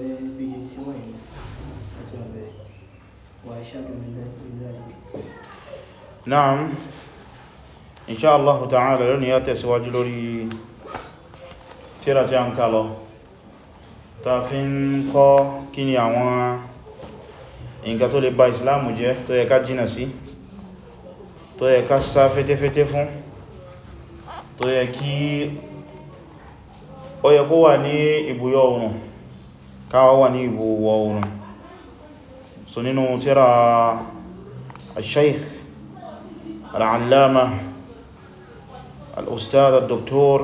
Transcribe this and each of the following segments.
بلاء بيجي سمعي أسمع به وأشهد من ذلك نعم إن شاء الله تعالى لن يتسواج لوري tíra tí a ń ká lọ ta fi ń kọ́ kí ni àwọn nǹkan tó lè ba ìsìláàmù jẹ́ tó yẹ ká jìnà sí tó yẹ ká sá fẹ́tẹ́fẹ́tẹ́ fún tó yẹ kí ó yẹ kó wà ní ibùyọ oòrùn káwà wà ní ìwò wọ oòrùn so nínú tírà al-shaykh al-allama al-ustad al-doktor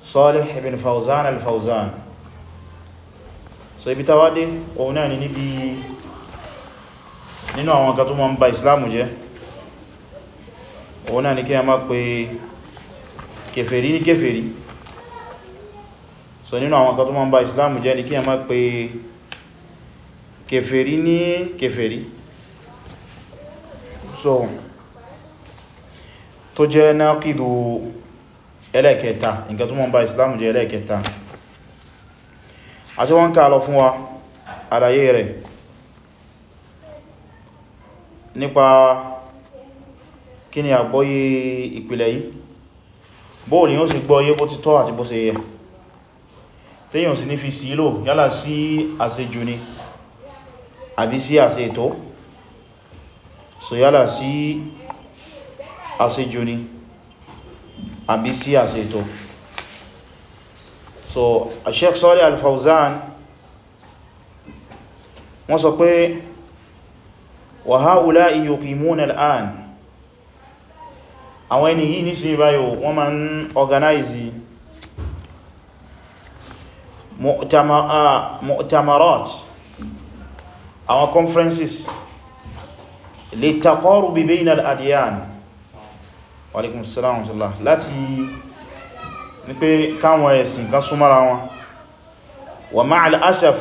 salih ibn fawzan al-fawzan so ibi tawade òun náà níbi nínú àwọn kan tó ma ń ba islamu jẹ́ òun náà ni kí a máa pe kèfèrí ní kèfèrí so nínú àwọn kan tó ma ń ba Islam jẹ́ ni kí ẹ má pe kèfèrí ní kèfèrí so tó jẹ́ náàkìdù ẹlẹ́kẹta nǹkan tó ma ń ba Islam jẹ́ ẹlẹ́kẹta àti wọ́n ká lọ fún wa àlàyé rẹ̀ nípa kí ni àgbọ́yé ìpìlẹ̀ yìí bóò ni ó sì gbọ́yé bó ti tọ́ àti bó ṣe yẹ tẹ́yàn sí ní fi sílò yálà sí àṣejù ni àbí sí àṣe ètò so yálà sí àṣejù ni àbí sí àṣe ètò so Sheikh Salih al wọ́n sọ pé wa ha'ula'i yuqimuna al-an àwọn ẹni yìí ní sí báyìí wọ́n ma ń organize Ah, mu'tamarat àwọn conferences litaqarubi bayna al-adyan wa alaykum assalam wa rahmatullah láti wípé káwọn ẹ̀sìn kan súnmọ́ra wọn wa ma'al asaf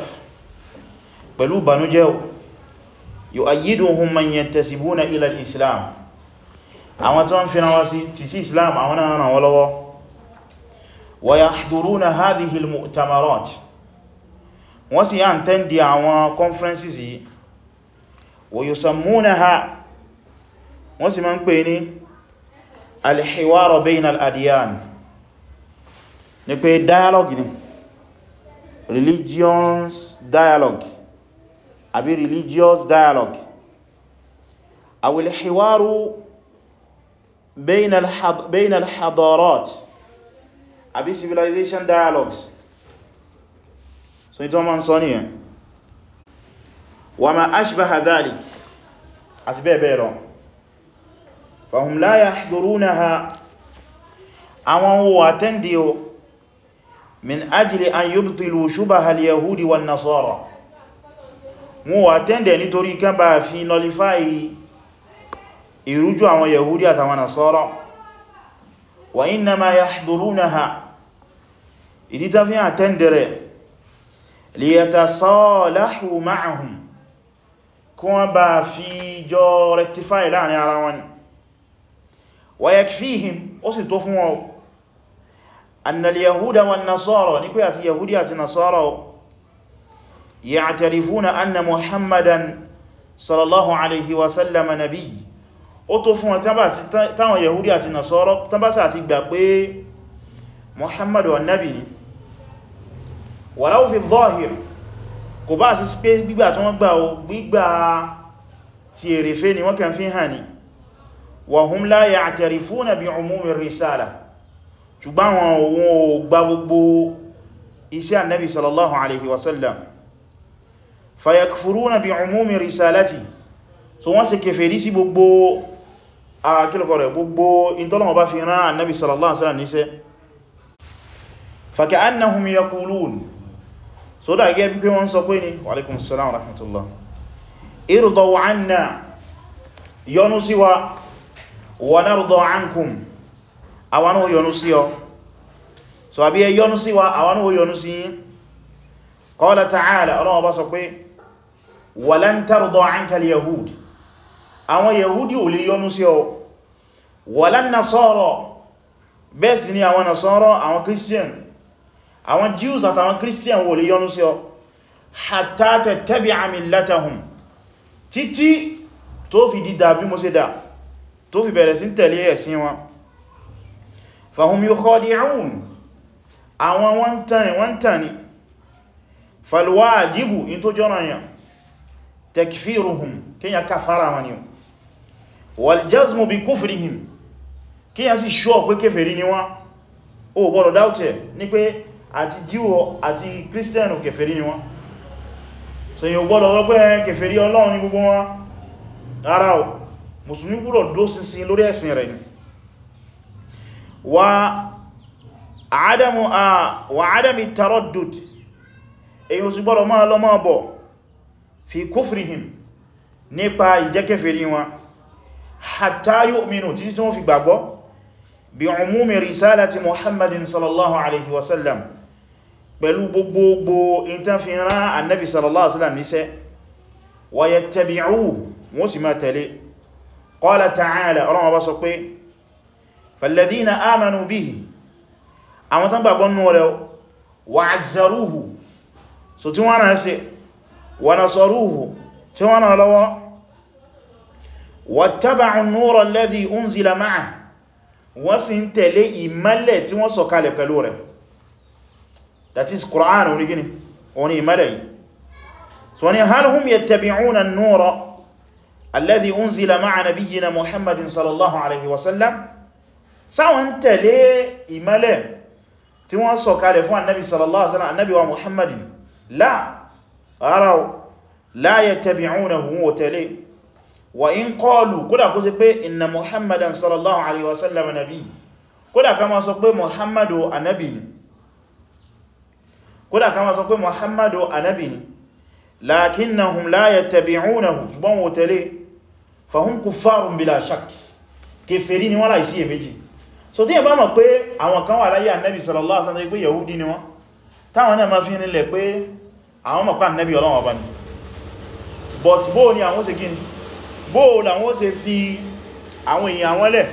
pẹ̀lú banújẹ́ yu'ayyiduhum man yantasibuna ila al-islam àwọn tí wọ́n fi ránwá sí ti sí islam àwọn náà ràn wọ́n lọ́wọ́ ويحضرون هذه المؤتمرات wọ́n sì yá ń tẹ́ di àwọn conferences yìí ويسمونها wọ́n sì máa ń pè ní alhiwaro bain al-adiyan ni pé dialogue ni religious dialogue àbí religious dialogue awil hiwaru bain al-hadarat al àbí civilization dialogues so ní tí wọ́n máa ń sọ nìyẹn wa ma ashbaha dhalik àti bẹ́ẹ̀ bẹ́ẹ̀ lọ fahum la yahdurunaha àwọn wo àtẹ́ndì o min ajli an yubtilu shubaha al-yahudi wan nasara wọ́n wà tẹ́ndẹ̀ nítorí kán fi nọlifáì ìrújú àwọn yahudi àtàwọn nasara wa innama yahdurunaha ìdí ta fi hàn tẹ́ndẹ̀rẹ̀ liyatasalahu ma'ahum kí wọ́n bá fi jọ rectify láàrin ara wọn wa yakfihim ó sì tó fún wọn annal yahuda wan nasara ní pé àti yahudi àti nasara ya'tarifuna anna muhammadan sallallahu alaihi wasallama nabiy ó tó fún wọn táwọn yahudi àti nasara tán bá sà ti gbà pé muhammadu annabi ni walau fi zahir kò bá sí space gbígbà tí wọ́n gbà o gbígbà ti èrèfé ni wọ́n kàn fi hàn ní wa hum la ya'tarifuna bi umumi risala ṣùgbọ́n wọn ò gba gbogbo iṣẹ́ annabi sallallahu alaihi wasallam fayakfuruna bi umumi risalati so wọ́n ṣe kèfèrí sí gbogbo akílùkọ̀ rẹ̀ gbogbo intọ́lọ̀wọ̀ bá fi rán annabi sallallahu alaihi wasallam níṣẹ́ fa ka'annahum yaqulun so dá gẹ́ bí pé wọ́n sọ pé ní wa alaikum salam wa rahmatullah irdaw anna yọnú sí wa wa narda ankum àwọn ò yọnú sí ọ so àbí ẹ yọnú sí wa àwọn ò sí yín qala ta'ala ọlọ́wọ́ bá sọ pé walan tarda àwọn Jews àtàwọn Christian wò lè yọnú sí ọ hatta tattabi'a millatahum títí tó fi dídá bí mo ṣe dá tó fi bẹ̀rẹ̀ sí tẹ̀lé ẹ̀sìn wọn fahum yukhadi'un àwọn wọ́n tàn wọ́n tàn ní falwajibu in tó jọ́nà yàn takfiruhum kíyà kafara wọn ni wal jazmu bi kufrihim kíyà sì ṣọ́ pé kéfèrí ni wọ́n o gbọ́dọ̀ dáútẹ̀ ní pé àti jíwọ àti kírísítẹ̀nù kèfèrí ni wọ́n so yíò gbọ́dọ̀ sọ pé kèfèrí ọlọ́run ní gbogbo wọn ara o musulmi gbọ́dọ̀ dó sinsin lórí ẹ̀sìn rẹ̀ ni wa adamu a wa adami taraddud èyí o sì gbọ́dọ̀ máa lọ máa bọ̀ fi kufrihim nípa ìjẹ́ kèfèrí wọn hatta yu'minu títí tí wọ́n fi gbàgbọ́ bi umumi risalati muhammadin sallallahu alaihi wasallam pẹ̀lú gbogbogbò ìtàfihàn annabi sallallahu alaihi wasallam níṣẹ́ wa yattabi'uhu wọ́n sì máa tẹ̀lé qala ta'ala ọlọ́wọ́ bá sọ pé falladhina amanu bihi àwọn tán gbàgbọ́ nù rẹ̀ wa 'azzaruhu so tí wọ́n náà ṣe wa nasaruhu tí wọ́n náà lọ́wọ́ wattaba'u an-nura alladhi that is Qur'an òní gini òní ìmẹ́lẹ̀ yìí so wani hal hum yattabi'una an-nura alladhi unzila ma'a nabiyyina muhammadin sallallahu alaihi wasallam sáwọn tẹ̀lé ìmẹ́lẹ̀ tí wọ́n sọ kalẹ̀ fún annabi sallallahu alaihi wasallam annabi wa muhammadin la ara la yattabi'unahu wa tẹ̀lé wa in qalu kódà kó sí pé inna muhammadan sallallahu alaihi wasallam nabi kódà kama sọ pé muhammadu annabi kódà ká ma sọ pé muhammadu anabi ni lakinnahum la yattabi'unahu ṣùgbọ́n wò tẹ̀lé fahum kuffarun bila shakk kèfèrí ni wọ́n láìsí èméjì so tí yẹ bá mọ̀ pé àwọn kan wà láyé annabi sallallahu alaihi wasallam pé yahudi ni wọ́n but bó ni àwọn ṣe gíní bó làwọn ṣe fi àwọn èèyàn àwọn lẹ̀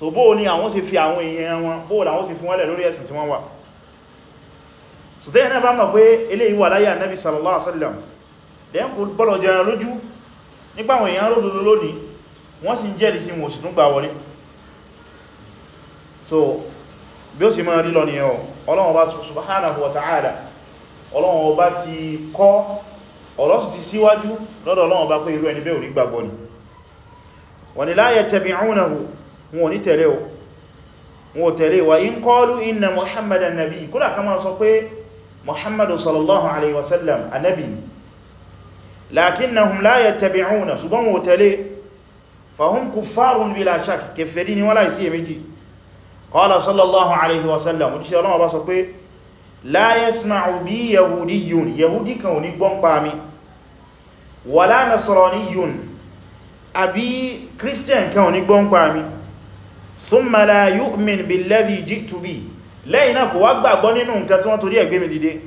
so bó ní àwọn ṣe fi àwọn èèyàn wọn bó làwọn ṣe fún wọ́lẹ̀ lórí ẹ̀sìn tí wọ́n wà so tẹ́yẹ̀ náà bá mọ̀ pé eléyìí wà láyé ànábì sallallahu alaihi wasallam lẹ́yìn kò bọ́lọ̀ jẹran lójú nípa àwọn èèyàn ròdòdó lónìí so bí ó sì máa rí lọ nìyẹn o Ọlọ́run bá subhanahu wa ta'ala Ọlọ́run bá ti kọ́ ọ̀rọ̀ sì ti síwájú lọ́dọ̀ wọn ò ní tẹ̀lé o wọn ò tẹ̀lé wa in qalu inna muhammadan nabi kúrò ká máa sọ pé muhammadu sallallahu alaihi wasallam anabi lakinnahum la yattabi'una ṣùgbọ́n wọn ò tẹ̀lé fahum kuffarun bila shak kèfèrí ni wọ́n láì sí èméjì qala sallallahu alaihi wasallam òjíṣẹ́ ọlọ́wọ́ bá sọ pé la yasma'u bi yahudiyyun yahudi kan ò ní gbọ́n pa mi wala nasraniyun àbí christian kan ò ní gbọ́n pa mi thumma la yu'min billadhi ji'tu bi lẹ́yìn náà kò wá gbàgbọ́ nínú nǹkan tí wọ́n torí ẹ̀gbẹ́ mi dìde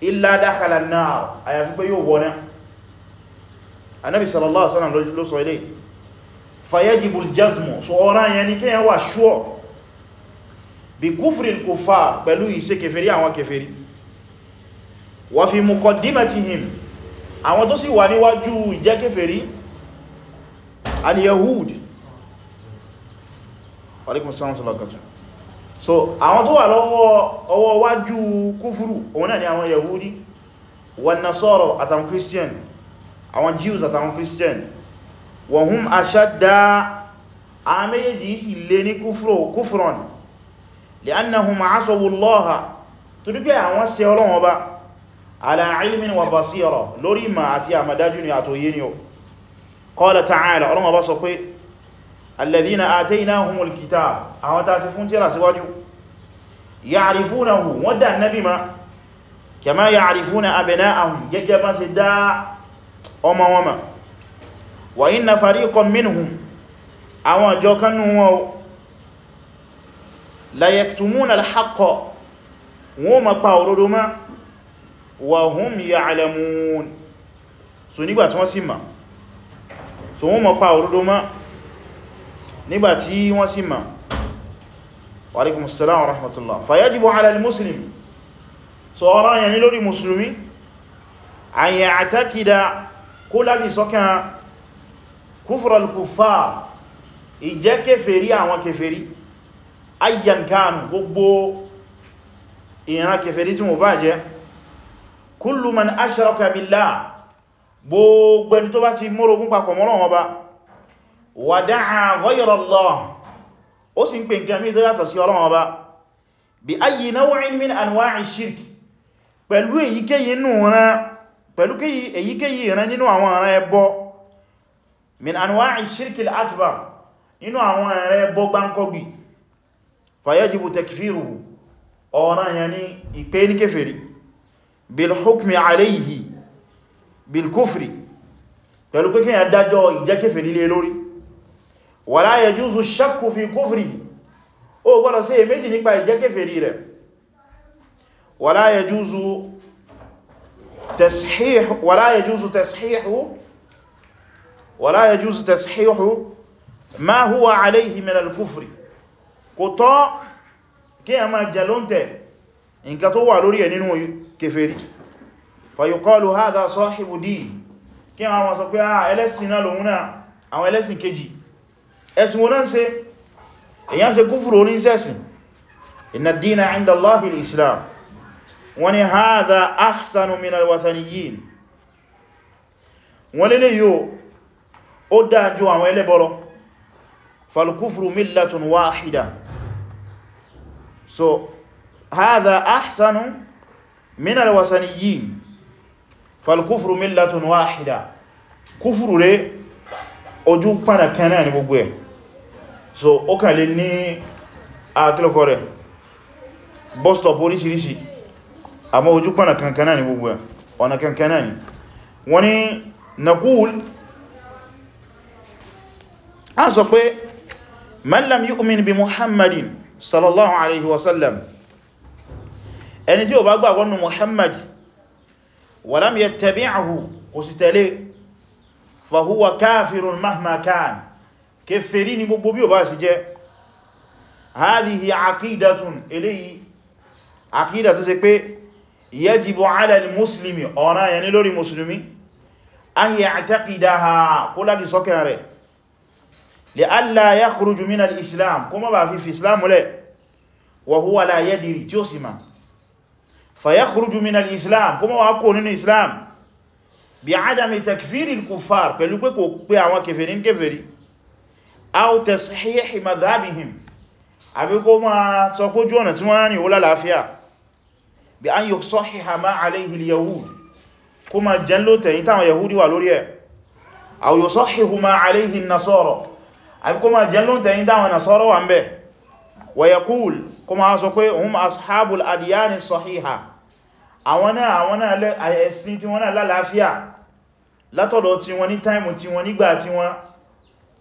illa dakhala an-nar àyàfi pé yóò wọ́ná anábi sallallahu alaihi wasallam ló sọ ilé fayajibu al-jazmu so alaikum salam sọlọ́kàtù so àwọn tó wà lọ́wọ́ wájú kúfúrù òun náà ni àwọn yahudi wọn nasara àtàwọn christian àwọn jews àtàwọn christian wa hum ashadda àwọn méjèèjì lè ní kúfúrùn li'annahum asawu Allaha tó dúkẹ́ àwọn ṣe Ọlọ́run Ọba alladhina ataynahumul kitab àwọn tá ti fún tírà síwájú ya'rifunahu wọ́n dá nabi ma kama ya'rifuna abna'ahum gẹ́gẹ́ bá ṣe dá ọmọ wọn ma wa inna fariqan minhum àwọn àjọ kanú wọn la yaktumuna al-haqqa ma pa òdodo ma wa hum ya'lamun so nígbà tí wọ́n sì ma so wọ́n ma pa òdodo ma nígbàtí wọ́n sì ma wa alaikumus salam wa rahmatullah fa yajibu ala al-muslim so ọ̀rọ̀ yẹn ni lórí musulmi an ya'takida kó láti sọ́kàn kufral kuffar ìjẹ́ kèfèrí àwọn kèfèrí ayyan kanu gbogbo ìran kèfèrí tí mo bá jẹ́ kullu man ashraka billah gbogbo ẹni tó bá ti mọ́rogún papọ̀ mọ́rọ̀ wọn ba wàdáà ghayra Allah ó sì ń pè nǹkan mí tó yàtọ̀ sí Ọlọ́run Ọba bí ayyi naw'in min anwa'i shirk pẹ̀lú èyíkéyìí ìran nínú àwọn ọ̀rọ̀ ẹbọ min anwa'i shirk al-akbar nínú àwọn ọ̀rọ̀ ẹbọ gbáǹkọ́gbì fayajibu takfiruhu ọ̀ràn yà ní ìpé ní kéfèrí bilhukmi alayhi bilkufri pẹ̀lú pé yà dájọ́ ìjẹ́ kéfèrí lé lórí wala yajuzu shakku fi kufri ó gbọ́dọ̀ sí èméjì nípa ìjẹ́ kèfèrí rẹ̀ wala yajuzu tashihu wala yajuzu tashihu wala yajuzu tashihu ma huwa alayhi min al-kufri kò tọ́ kí a máa jẹ lóǹtẹ̀ nǹkan tó wà lórí ẹ̀ nínú kèfèrí fayuqalu hadha sahibu din kí a máa sọ pé ah, ẹlẹ́sìn náà lòun náà àwọn ẹlẹ́sìn kejì ẹ̀sìn wọn náà ṣe èyàn ṣe kúfùrù oníṣẹ́sìn inna ad-dīna 'inda Allāhi al-Islām wọ́n ni hādhā aḥsanu min al-wathaniyyīn wọ́n lélé yóò ó dájú àwọn ẹlẹ́bọ̀rọ̀ fal millatun wāḥida so hādhā aḥsanu min al-wathaniyyīn fal-kufru millatun wāḥida kúfùrù rẹ̀ ojú pàdà kanáà ni gbogbo ẹ̀ so ó kàn lè ní àkílọ́kọ́ rẹ̀ bus stop oríṣiríṣi àmọ́ ojú pọ̀nà kankan náà ni gbogbo ẹ̀ ọ̀nà kankan náà ni wọ́n ni naqul a sọ pé man lam yu'min bi muhammadin sallallahu alaihi wasallam ẹni tí ó bá gbà wọnú muhammad walam yattabi'ahu kò sì tẹ̀lé e. fahuwa kafirun mahma kèfèrí ni gbogbo bí o bá sì jẹ́ hadihi akidatun eléyìí akídà tó ṣe pé yajibu ala al-muslimi ọ̀nà yẹni lórí musulmi an ya'taqidaha kó láti sọ́kẹ̀ rẹ̀ li alla yakhruju min al-islam kó má bá fi fi islam lẹ̀ wa huwa la yadiri tí ó sì ma fa aw tashihi madhabihim àbí kó ma sọ pójú ọ̀nà tí wọ́n ní ó lálàáfíà bí an yusahhiha ma alayhi al-yahud kó ma jẹ́ ló tẹ̀yìn táwọn yahudi wà lórí ẹ̀ aw yusahhihu ma alayhi an-nasara àbí kó ma jẹ́ ló tẹ̀yìn táwọn nasara wà ń bẹ̀ wa yaqul kó ma sọ pé hum ashabul adiyani sahiha àwọn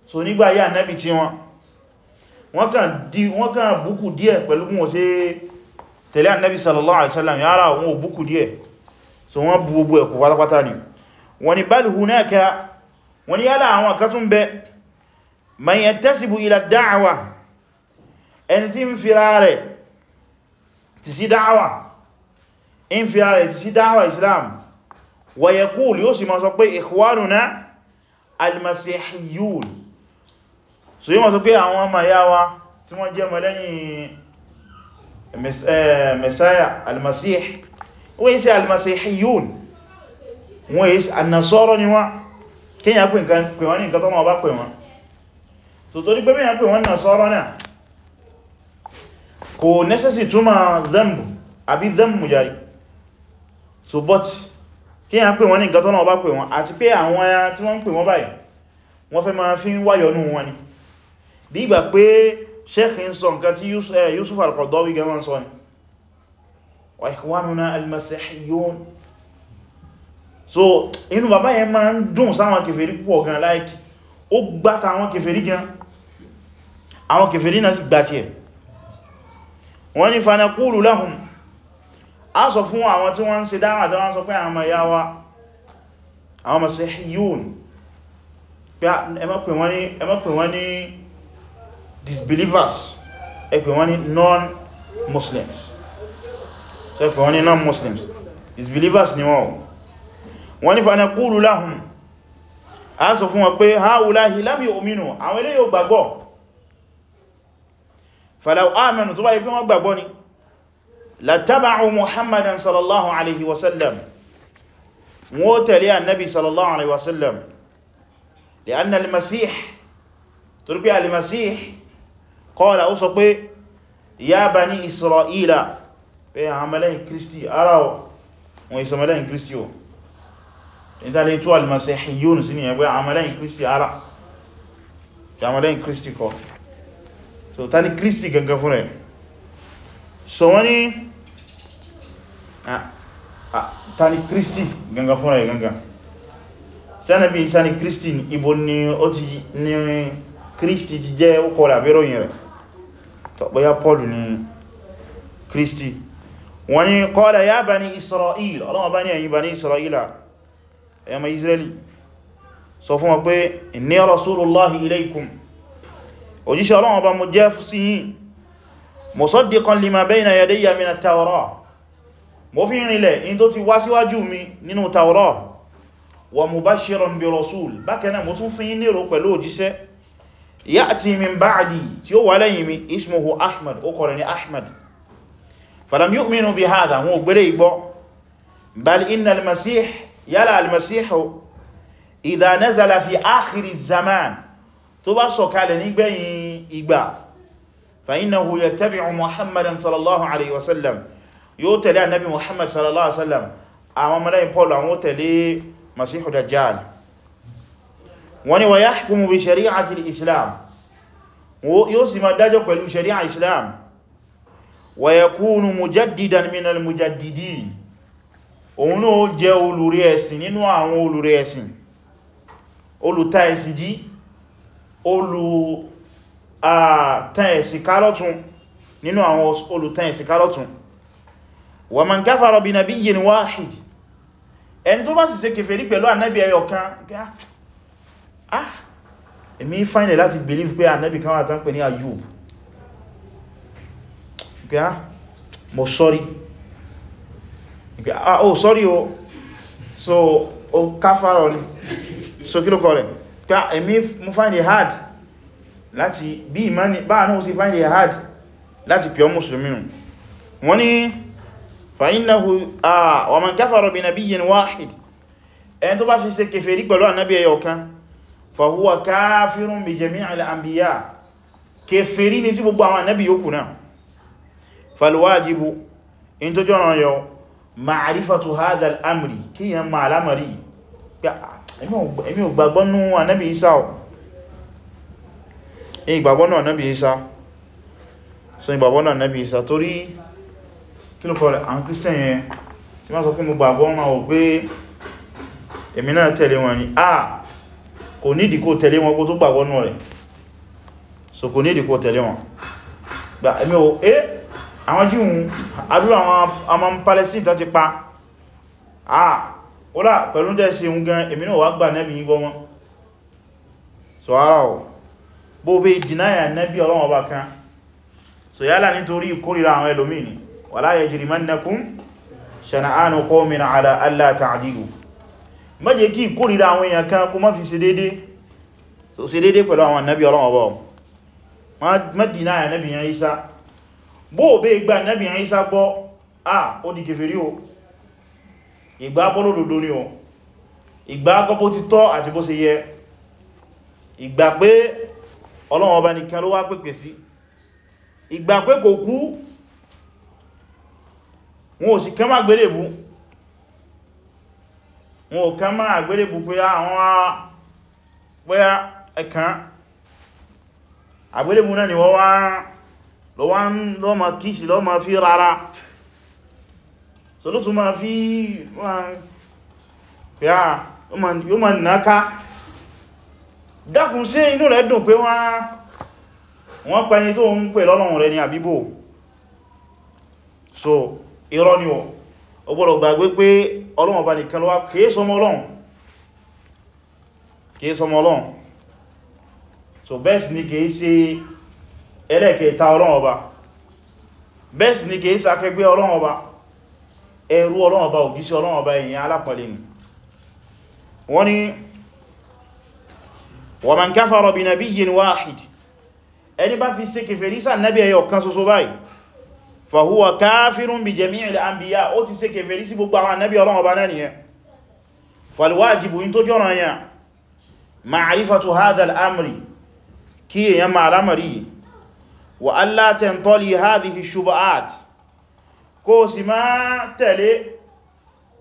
so nígbà yà nábi tí wọn wọ́n kàn búkù díẹ̀ pẹ̀lú wọn ṣe tẹ̀lé annabi sallallahu alaihi wasallam yára wọn ò búkù díẹ̀ so wọ́n bú gbogbo ẹ̀kù pátápátá ni wọ́n ni bal hunaka wọ́n ni yálà àwọn katún bẹ man yattasibu ila da'wa ẹni tí ń fira rẹ̀ ti sí da'wa in islam wa yóò sì máa sọ pé ikhwanuna almasihiyun so yíò mọ̀ sọ pé àwọn ọmọ ìyá wa tí wọ́n jẹ́ mọ̀ lẹ́yìn mẹ́sáyà eh, almasih wọ́n yí sí almasihiyun wọ́n yí sí annasọ́rọ̀ ni wọ́n kíyà pè wọ́n ní nǹkan tó mọ̀ bá pè wọ́n so torí pé bíyà pè wọ́n nasọ́rọ̀ náà kò nẹ́sẹ̀sì túnmà zambu àbí zambu jari so but kíyà pè wọ́n ní nǹkan tó mọ̀ bá pè wọ́n àti pé àwọn tí wọ́n pè wọ́n báyìí wọ́n fẹ́ máa fi ń wáyọnú wọn ni bí ìgbà pé sheikh ń sọ nǹkan tí eh, yusuf al-Qaradawi gẹ́mọ́ sọ ni wa ikhwanuna al-masihiyun so inú bàbá yẹn máa ń dùn sáwọn kèfèrí púpọ̀ gan láìkì ó gbáta àwọn kèfèrí gan àwọn kèfèrí náà sì gbáti ẹ̀ wọ́n ni fanaqulu lahum a sọ fún àwọn tí wọ́n ń ṣe dáwà tí sọ pé àwọn ọmọ àwọn masihiyun disbelievers ẹgbẹ̀ wọ́n ní non-muslims ẹgbẹ̀ wọ́n ní non-muslims disbelievers ni wọ́n wọ́n ní fana kúrù láhùn a sọ fún wọn pé ha wùlá hìlámi ominu àwọn ilé yóò gbàgbọ́ falau amanu tó bá yí pé wọ́n gbàgbọ́ ni lataba'u muhammadan sallallahu alaihi wasallam wọ́n tẹ̀lé annabi sallallahu alaihi wasallam li anna al-masih turbi al-masih kọ́ọ̀lá ó sọ pé ya bani isra'ila pé àwọn mẹ́lẹ́yìn kristi ara wọn isa mẹ́lẹ́yìn kristi o ìtàlẹ̀ tó almasihiyun sí ni ẹgbẹ́ àwọn mẹ́lẹ́yìn kristi ara àwọn mẹ́lẹ́yìn kristi kọ́ so ta ni kristi gangan fún rẹ̀ so wọ́n ni ta ni kristi gangan ni kristi ibo ni ó ti ni kristi ti jẹ́ ó kọ́ rẹ̀ bóyá Paul ni Kristi wọ́n ni qala ya bani Isra'il ọlọ́wọ́ bá ní ẹ̀yin bani Isra'ila ẹ̀yàn ma Israeli sọ fún wọn pé inni rasulullahi ilaykum òjíṣẹ́ ọlọ́wọ́ bá mo jẹ́ sí yín musaddiqan lima bayna yadayya min mo fi ya'ti min ba'di tí ó wà lẹ́yìn mi ismuhu ahmad ó kọ̀rọ̀ ní ahmad falam yu'minu bi hadha wọn gbére igbọ́ bal inna almasih yala almasihu idha nazala fi akhiri zaman tó bá sọ̀kalẹ̀ nígbẹ̀yìn ìgbà fa innahu yattabi'u muhammadan sallallahu alaihi wasallam yóò tẹ̀lé annabi muhammad sallallahu alaihi wasallam àwọn mọ́lẹ́yìn paul àwọn tẹ̀lé wọ́n ni wa yahkumu bi shari'ati al-islam yóò sì ma dájọ́ pẹ̀lú shari'a islam wa yakunu mujaddidan min al-mujaddidin òun náà jẹ́ olùrí ẹ̀sìn nínú àwọn olùrí ẹ̀sìn olùta ẹ̀sìn jí olùta ẹ̀sìn kálọ́tún nínú àwọn olùta ẹ̀sìn kálọ́tún ah èmi fine láti believe pé ànábì kan wà tán pè ní Ayub pé ah mo sorry Okay, ah oh sorry oh. so o káfàrọ̀ ni so kí ló kọ́ rẹ̀ pé ah it hard. fine hard láti bí ìmáni báà náà sí it hard láti pè ọ mùsùlùmí nù wọ́n ni fa'innahu ah wa man kafara bi nabiyyin wahid ẹni tó bá fi ṣe kèfèrí pẹ̀lú ànábì ẹyọ kan fahuwa káfírún bí jami'il anbiya kèfèrí ní sí gbogbo àwọn ànábì yòókù náà falwajibu in tó jọ́nà yọ ma'arifatu hadha al'amri kí yẹn ma alamari ah, èmi ò gbàgbọ́nú ànábì isa ò èmi gbàgbọ́nú ànábì isa so ìgbàgbọ́nú ànábì isa torí kí ló kọ́ rẹ̀ àwọn kò nídìí kó tẹ̀lé wọn kó tó gbà wọnú rẹ̀ so kò nídìí kó tẹ̀lé wọn gbà ẹ̀mí o eh àwọn jíhun adúrú àwọn ọmọ palestine tó ti pa ah ọlá pẹ̀lú tẹ́ ṣe ń gan èmi náà wà gbà nẹ́bí yígbọ́ wọn so ara ọ̀ bó bẹ́ dìnáyà nẹ́bí ọlọ́wọ́ bá kan so yálà nítorí ìkórìíra àwọn ẹlòmíì ni wala yajrimannakum shana'anu qawmin ala alla ta'dilu má jẹ́ kí ìkórìíra àwọn èèyàn kan kó má fi ṣe dédé so ṣe dédé pẹ̀lú àwọn ànábì Ọlọ́run ọba má dínà ànábì yẹn Ìsá bó bẹ́ ìgbà ànábì yẹn Ìsá gbọ́ à di kèfèrí o ìgbà bọ́lódòdó ni o ìgbà gbọ́bó ti tọ́ àti bó ṣe yẹ ìgbà pé Ọlọ́run ọba nìkan ló wá pèpè sí ìgbà pé kò kú wọn ò sì kẹ́ má gbélébùú wọn ò kàn máa àgbélébù pé àwọn pẹ́yà ẹ̀kàn àgbélébù náà ni wọ́n wá lọ́wọ́n lọ́mọ kíṣì lọ́mọ fi rárá so ló tún máa fi yóò máa náká dákùn sí inú rẹ̀ dùn pé wọ́n pẹni tó ń pè lọ́lọ́run rẹ̀ ní àbíbò so irọ́ ni ó gbọ́dọ̀ gbàgbé pé ọlọ́run ọba nìkan ló wà kìí sọmọ ọlọ́run kìí sọmọ ọlọ́run so bẹ́ẹ̀ sì ni kìí ṣe ẹlẹ́kẹta ọlọ́run ọba bẹ́ẹ̀ sì ni kìí ṣe akẹgbẹ́ ọlọ́run ọba ẹrú ọlọ́run ọba òjíṣẹ́ ọlọ́run ọba èèyàn alápọ̀lẹ̀ ni wọ́n ni wa man kafara bi sí ànábì ẹyọ fàhúwà káfírún bí jẹ́mí ilẹ̀ àmbíyà ó ti ṣe kèfèrí sí gbogbo àwọn annabi ọlọ́run ọba náà nìyẹn falwajibu yin tó jọ́rọ̀ yà ma'arifatu hadal amri kí èyàn ma alamari wa allah tentoli hadhihi shubahat kó sì má tẹ̀lé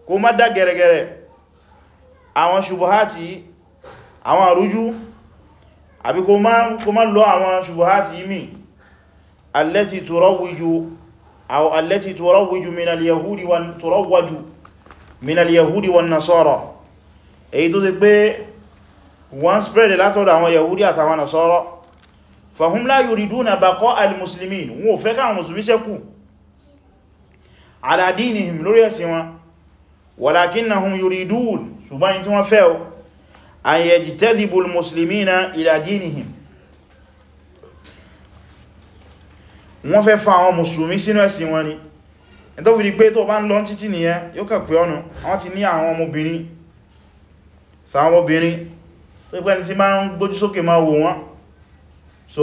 kó má أو التي تروج من اليهود وتروج من اليهود والنصارى èyí tó ṣe pé wọ́n spread látọ̀dọ̀ àwọn yahudi àtàwọn nasọ́rọ̀ fahum la yuriduna baqa al-muslimin wọn ò fẹ́ káwọn musulmi ṣẹ́kù ala dinihim lórí ẹ̀sìn wọn walakinnahum yuridun ṣùgbọ́n tí wọ́n fẹ́ an yajtadhibu al-muslimina ila dinihim wọ́n fẹ́ fa àwọn mùsùlùmí sínú ẹ̀sìn wọn ni ẹ̀tọ́ fi di pé tó bá ń lọ títí nìyẹn yóò kà pé ọ̀nà àwọn ti ní àwọn ọmọbìnrin sáwọn obìnrin tó pẹ́ni sí máa ń gbójú sókè máa wò wọ́n so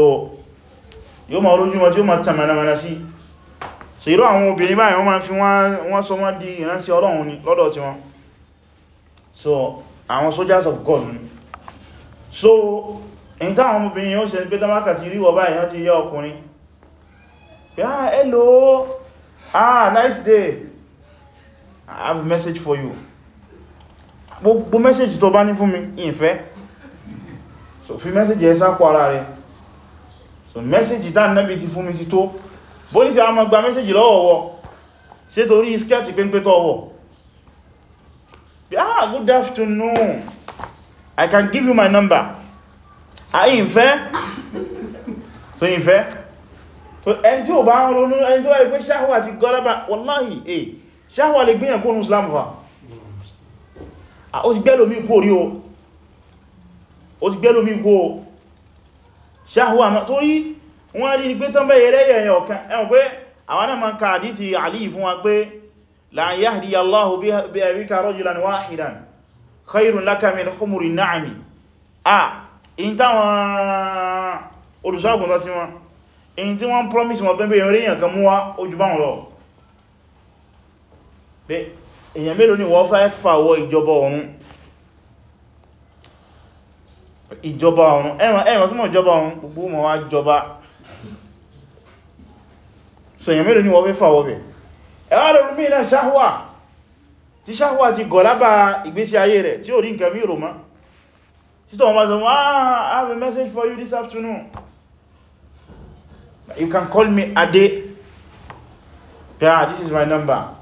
yóò máa olójú wọn tí ó máa tàmànàmànà sí so irú àwọn obìnrin báyìí wọ́n máa fi wọ́n of God ni so èyí táwọn ah hello ah nice day i have a message for you gbogbo message to bá ní fún mi ìfẹ́ so fi message ẹ sápò ara rẹ̀ so message tá nẹ́bí ti fún mi sí tó bó ní sí a máa gba message lọ́wọ́wọ́ ṣe torí skẹ́ẹ̀tì pé ń pé tọ́wọ́ ah good afternoon i can give you my number ah ìfẹ́ so ìfẹ́ ẹni tí ó bá ń ronú ẹni tó wáyé pé ṣáhùwà ti gọ́lábà wallahi eh ṣáhùwà lè gbìyàn kó nùsù lámùfà ó ti gbẹ́lò mí kó rí o ó ti gbẹ́lò mí kó ṣáhùwà tó rí wọ́n rí ní pé tán bẹ́ yẹrẹ yẹ̀yẹ̀ ọ̀kan ẹwọ̀n pé àwọn náà olùsọ́gùn tó wọn èyí tí wọ́n promise wọn pẹ́bẹ̀ ìrìn èyàn kan mú wá ojú báwọn lọ pé èyàn mélòó ni wọ́n fẹ́ fàwọ ìjọba ọ̀run ìjọba ọ̀run ẹ̀mọ̀ símọ̀ ìjọba ọ̀run gbogbo mọ̀ wá jọba so èyàn mélòó ni wọ́n fẹ́ fàwọ bẹ̀ ẹwà lórí mí náà ṣáhùwà tí ṣáhùwà ti gọ̀ lábà ìgbésí ayé rẹ̀ tí ò rí nǹkan mí rò mọ́ títọ̀ wọn bá sọ wọ́n ah I have a message for you this afternoon you can call me Ade yeah this is my number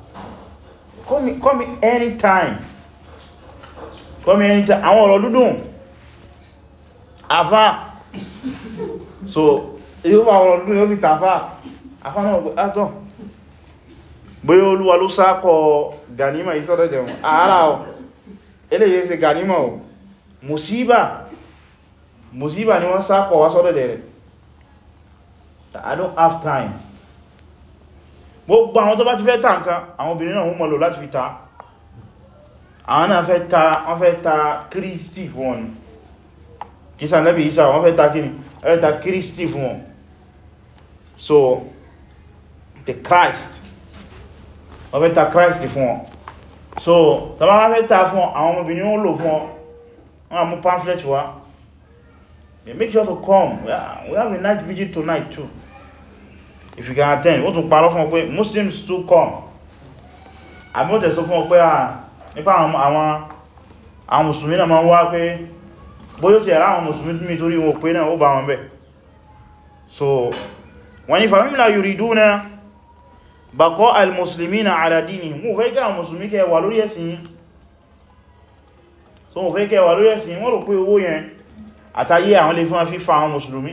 call me call me anytime call me anytime àwọn ọ̀rọ̀ do. afá so you want to do? yóò fi tàfá afá náà gbé átọ́ ah, bóyá olúwa ló sákọ̀ ganima ìsọ́dọ̀ jẹun ààrà ọ̀ eléyìí se ganima ọ̀ Musiba musíbà ni wọ́n sákọ̀ wá sọ́dọ̀ jẹun I don't have time gbogbo àwọn tó bá ti fẹ́ ta nǹkan àwọn obìnrin náà wọ́n mọ̀ lò láti fi ta àwọn náà fẹ́ ta wọ́n fẹ́ ta Kristi fún wọn kìsà lẹ́bí Isa wọ́n fẹ́ ta kí ni wọ́n fẹ́ ta Kristi fún wọn so the Christ wọ́n fẹ́ ta Christ fún wọn so tọ́bá wọ́n fẹ́ ta fún àwọn ọmọbìnrin wọ́n lò fún wọn wọ́n mú pamphlet wá yeah, make sure to come we, are, we have a night vigil tonight too if you can attend wọ́n to parọ́ fún ọ pé muslims too come àbí wọ́n tẹ̀ sọ fún ọ pé ah, nípa àwọn àwọn musulmi náà máa ń wá pé bóyó ti ẹ̀rá àwọn musulmi mi torí wọn pé náà ó bá wọn bẹ̀ so wọ́n ni fàmílà yuriduna baqa'a al-muslimina ala dinihim mú fẹ́ kí àwọn musulmi kẹ wà lórí so mú fẹ́ kẹ wà lórí ẹ̀sìn wọ́n rò pé owó yẹn àtayé àwọn lè fún fífà àwọn mùsùlùmí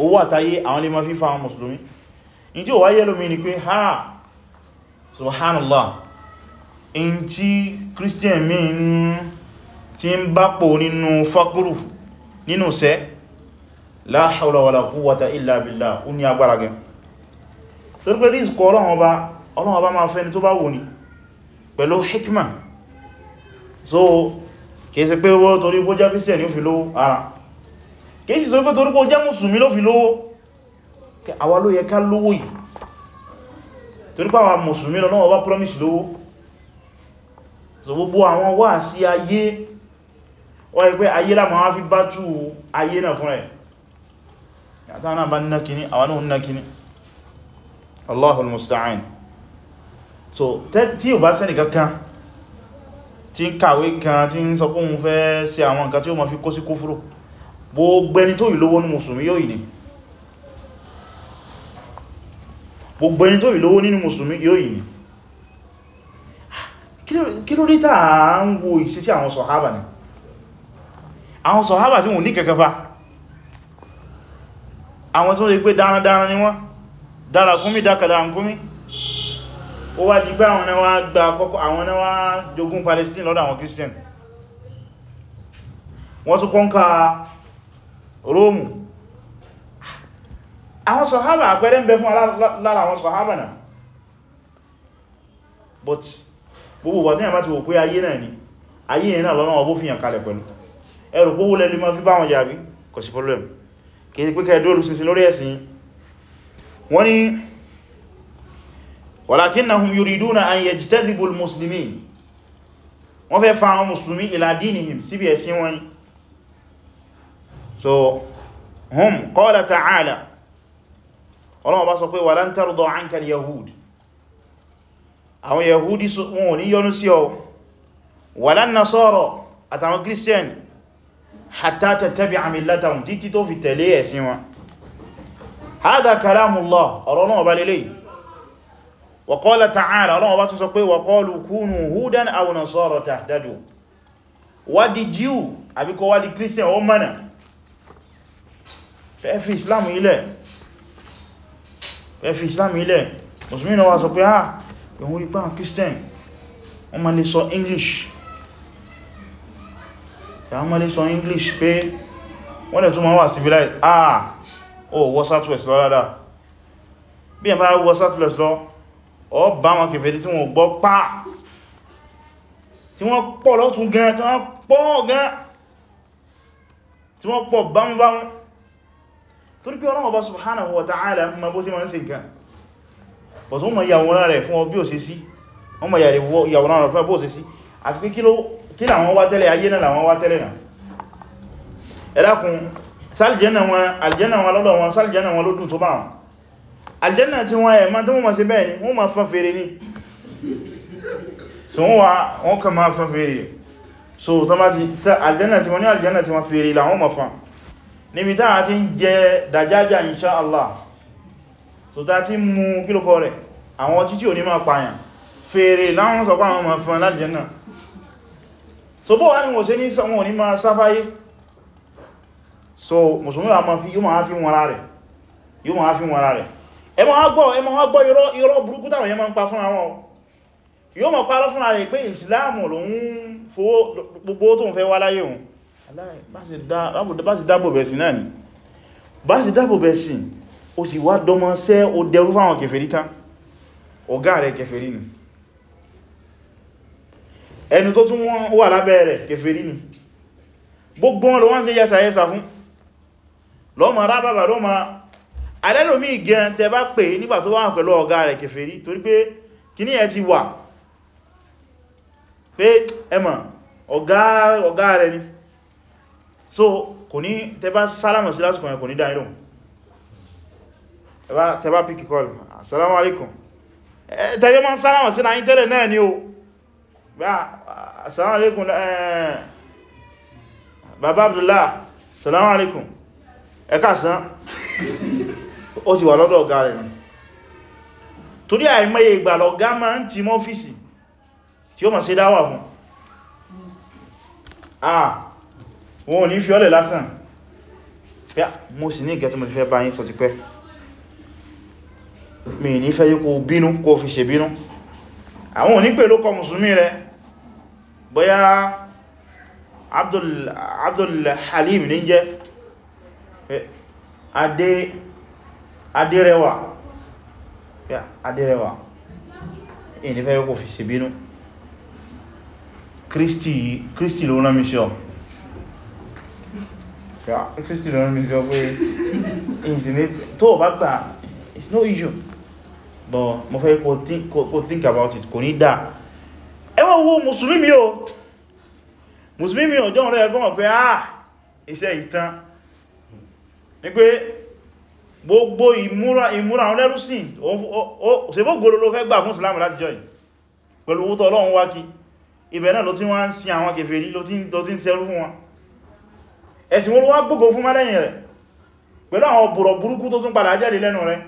owó àtayé àwọn lè máa fífà àwọn mùsùlùmí in tí ó wáyé lómi ni pé ha subhanallah in tí christian mi ti ń bápò nínú fakuru nínú sẹ́ la hawla wala quwwata illa billah ó ní agbára gẹn torí pé rízkù Ọlọ́run Ọba máa fẹ́ni tó bá wù ní pẹ̀lú hikma so kìí se pé owó torí pó jẹ́ christian yóò fi lówó ara kìí sì sọ pé torí pó jẹ́ mùsùlùmí ló fi lówó àwa ló yẹ ká lówó yìí torí pé àwa mùsùlùmí lọ náà wá promise lówó so gbogbo àwọn wà sí ayé ó yẹ pé ayé láàmà wá fi bá tú ayé náà fún ẹ̀ àtàwọn bá nná kíní àwọn náà nná kíní bá sẹ́nì kankan tí ń kàwé kan tí ń sọ pé òun fẹ́ ṣe àwọn nǹkan tí ó ma fi kó sí kúfúrú gbogbo ẹni tó ìlówó nínú mùsùlùmí yóò yìí ni gbogbo ẹni tó ìlówó nínú mùsùlùmí yóò yìí ni kí ló rí tàà ń wo ìṣẹ́ tí àwọn sọ̀hábà ni àwọn sọ̀hábà tí wọ́n ní kẹkẹfà àwọn tí wọ́n ti pé dáradára ni wọ́n dára kúmí dákàdà kúmí ó wá di pé àwọn náà wá gba àkọ́kọ́ àwọn náà wá jogún Palestine lọ́dọ̀ àwọn Christian wọ́n tún kọ́nkà Róòmù àwọn sọ̀hábà àpẹẹrẹ ń bẹ fún lára àwọn sọ̀hábà náà but gbogbo wà tíyàmá ti wò pé ayé náà ni ayé yẹn náà lọ́nà ọbó fi hàn kalẹ̀ pẹ̀lú ẹrù pówó lẹ́lú ma fi bá wọn jàbí kò sí problem kìí pé kẹ́ẹ̀dọ́lù sísin lórí ẹ̀sìn wọ́n ni walakinnahum yuriduna an yajtadhibu al-muslimin wọ́n fẹ́ fa àwọn musulmi ila dinihim síbi ẹ̀sìn wọn ni so hum qala ta'ala ọlọ́wọ́ bá sọ pé walan tarda anka al-yahud àwọn yahudi wọn ní yọnú sí ọ walan nasara àtàwọn christian hatta tattabi'a millatahum títí tó fi tẹ̀lé ẹ̀sìn wọn hadha kalamullah ọ̀rọ̀ náà bá lélẹ́yìí wa qala ta'ala ọlọ́wọ́ bá tún sọ pé wa qalu kunu hudan aw nasara tahtadu wá di Jew àbí kó wá di Christian ó mọ́nà fẹ́fì islamu ilẹ̀ fẹ́fì islamu ilẹ̀ musulmi náà wá sọ pé ah ìhun rí pàá Christian wọ́n ma lè sọ English wọ́n ma lè sọ English pé wọ́n lè tún ma wà civilized ah oh wọ́ southwest bí i bá wọ́ ọ bá wọn kèfèrí tí wọ́n gbọ́ pàá tí wọ́n pọ̀ lọ́tún gan tí wọ́n pọ̀ gan tí wọ́n pọ̀ bámbám torí pé Ọlọ́run Ọba subhanahu wa ta'ala ma bó sí ma ń ṣe gan bọ̀ tó mọ̀ yàwòrán rẹ̀ fún ọbí òsì sí wọ́n mọ̀ yàwòrán rẹ̀ fún ọbí òsì sí àti pé kí làwọn wá tẹ́lẹ̀ ayé náà làwọn wá tẹ́lẹ̀ náà ẹ̀dàkùn sálìjẹ́nà wọn lọ́dọ̀ wọn sálìjẹ́nà wọn ló tó bá aljanna tí wọ́n ẹ̀mọ́ tí wọ́n ma ṣe bẹ́ẹ̀ ni wọ́n ma fán fèrè ní so wọ́n wá wọ́n kàn ma fán fèrè so aljanna tí wọ́n ní aljanna tí wọ́n fèrè làwọn ma fán níbi tá a ti ń jẹ dajájá insha Allah so tá ti mú kílùkọ rẹ̀ àwọn ọtí tí ò ní máa pààyàn fèrè láwọn sọ pé àwọn ma fán aljanna so bó wá ní wọ́n ṣe ní sọ́wọ́n ní máa sáfáyé so musulmi yóò máa fi wọn ara rẹ̀ ẹmọ agbọ́ ẹmọ agbọ́ irọ́ burúkú táwọn yẹn máa ń pa fún àwọn yóò mọ̀ parọ́ fún ààrẹ pé ìsìláàmù lòun fowó gbogbo tó ń fẹ́ wá láyé òun bá sì dábò bẹ̀sì náà ni bá sì dábò bẹ̀sì ó sì wá dọmọ sẹ́ ó dẹrú fáwọn kèfèrí tán ọ̀gá rẹ̀ kèfèrí ni ẹni tó tún wà lábẹ́ rẹ̀ kèfèrí ni gbogbo wọn lọ wọ́n ṣe yẹsàyẹsà alẹ́lòmí gan tẹ bá pè nígbà tó wà pẹ̀lú ọ̀gá rẹ̀ kèfèrí torí pé kíní ẹ ti wà pé ẹmọ̀ ọ̀gá rẹ̀ ni so kò ní tẹ bá sálámà sí lásìkò yẹn kò ní dá ìlòm tẹ bá pìkì kọlù assalamu alaikum tẹjọ ma ń sálámà sí láyín tẹ́lẹ̀ náà ni o assalamu alaikum bàbá Abdullah assalamu alaikum ẹ̀kà sán ó sì wà lọ́dọ̀ ọ̀gá rẹ̀ ni torí àìmọye ìgbà lọ̀gá máa ń ti mọ́fíìsì tí ó máa ṣe dáwà fún ah wọn ò ní fi ọlẹ̀ lásán mo sì ní ìgẹ́ tí mo ti fẹ́ bá yín sọ ti pẹ́ mi ní fẹ́ yí kó bínú kó fi ṣe bínú àwọn ò ní pè ló kọ mùsùlùmí rẹ̀ bóyá Abdul Halim ní jẹ́ adé adírẹwà adírẹwà ìnífẹ́ yóò kò fi sí bínú kristi ló rán mi sí ọ kristi ló rán mi sí ọ pé ìsìnlẹ̀ tó bá gbà it's no issue but mo fẹ́ kó think, kó think about it kò ní dáa ẹwọ́n wo musulmi o musulmi ọjọ́ rẹ̀ ẹgbọ́n pé ah iṣẹ́ ìtàn ni pé gbogbo ìmúra àwọn lẹ́rúsìn òsèbó gbòrò ló fẹ́ gbà fún ìsìlámù láti jọ yìí pẹ̀lú owó tọ́lọ́run wá kí ibẹ̀ náà ló ti wá ń sin àwọn kèfèrí ló ti ń sẹ́rú fún wọn ẹ̀sìn wọ́n wá gbogbo fún mẹ́lẹ́yìn rẹ̀ pẹ̀lú àwọn ọ̀bùrọ̀ burúkú tó tún padà jáde lẹ́nu rẹ̀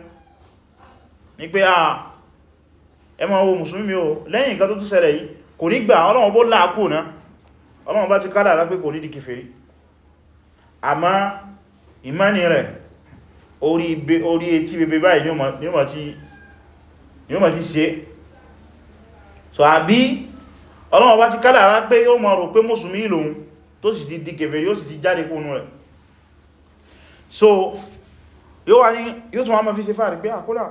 ní pé à ẹ máa wo mùsùlùmí o lẹ́yìn nǹkan tó tún ṣẹlẹ̀ yìí kò ní gbà Ọlọ́run bó láàkù náà Ọlọ́run bá ti kádàrá pé kò ní di kèfèrí àmá ìmánì rẹ̀ orí etí bèbè báyìí ni ó ma ti ṣe so àbí ọlọ́wọ́ bá ti kádàrá pé yóò ma rò pé mùsùlùmí lòun tó sì ti di kèfèrí ó sì ti jáde kónú rẹ̀ so yóò wá ní yóò tún wá ma fi ṣe fàárí pé àkólà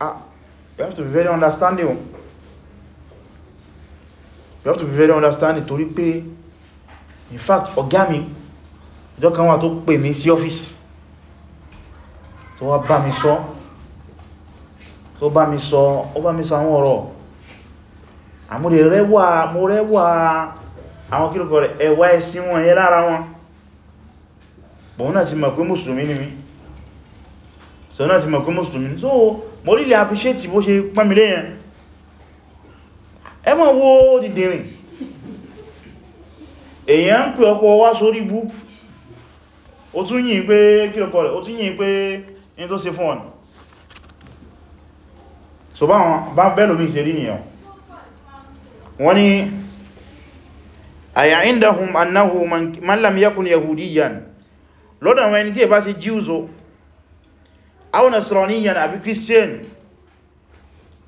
you have to be very understanding you have to be very understanding in fact ọ̀gá mi ìjọ kan wà tó pè mí sí ọ́fíìsì tó wá bá mi sọ tó bá mi sọ ó bá mi sọ àwọn ọ̀rọ̀ àmúrè rẹwà mo rẹwà àwọn kílùkọ rẹ̀ ẹwà ẹ̀sìn wọn yẹ lára wọn bọ̀n náà ti mọ̀ pé mùsùlùmí ni mi so náà ti mọ̀ pé mùsùlùmí so mo really appreciate bó ṣe pẹ́mìlé yẹn ẹ mọ̀ wo dìdìrìn èyàn ń pè ọkọ̀ wá sórí búùpù ó tún yìn pé kílọ̀kọ́ rẹ̀ ó tún yìn pé in tó ṣe fún ọ̀nà so bá bẹ́lò mi ṣe rí nìyàn wọ́n ni àyà indahum annahu man lam yakun yahudiyan lọ́dọ̀ àwọn ẹni tí è bá ṣe jíúzo àwọn nasraniyan àbí christian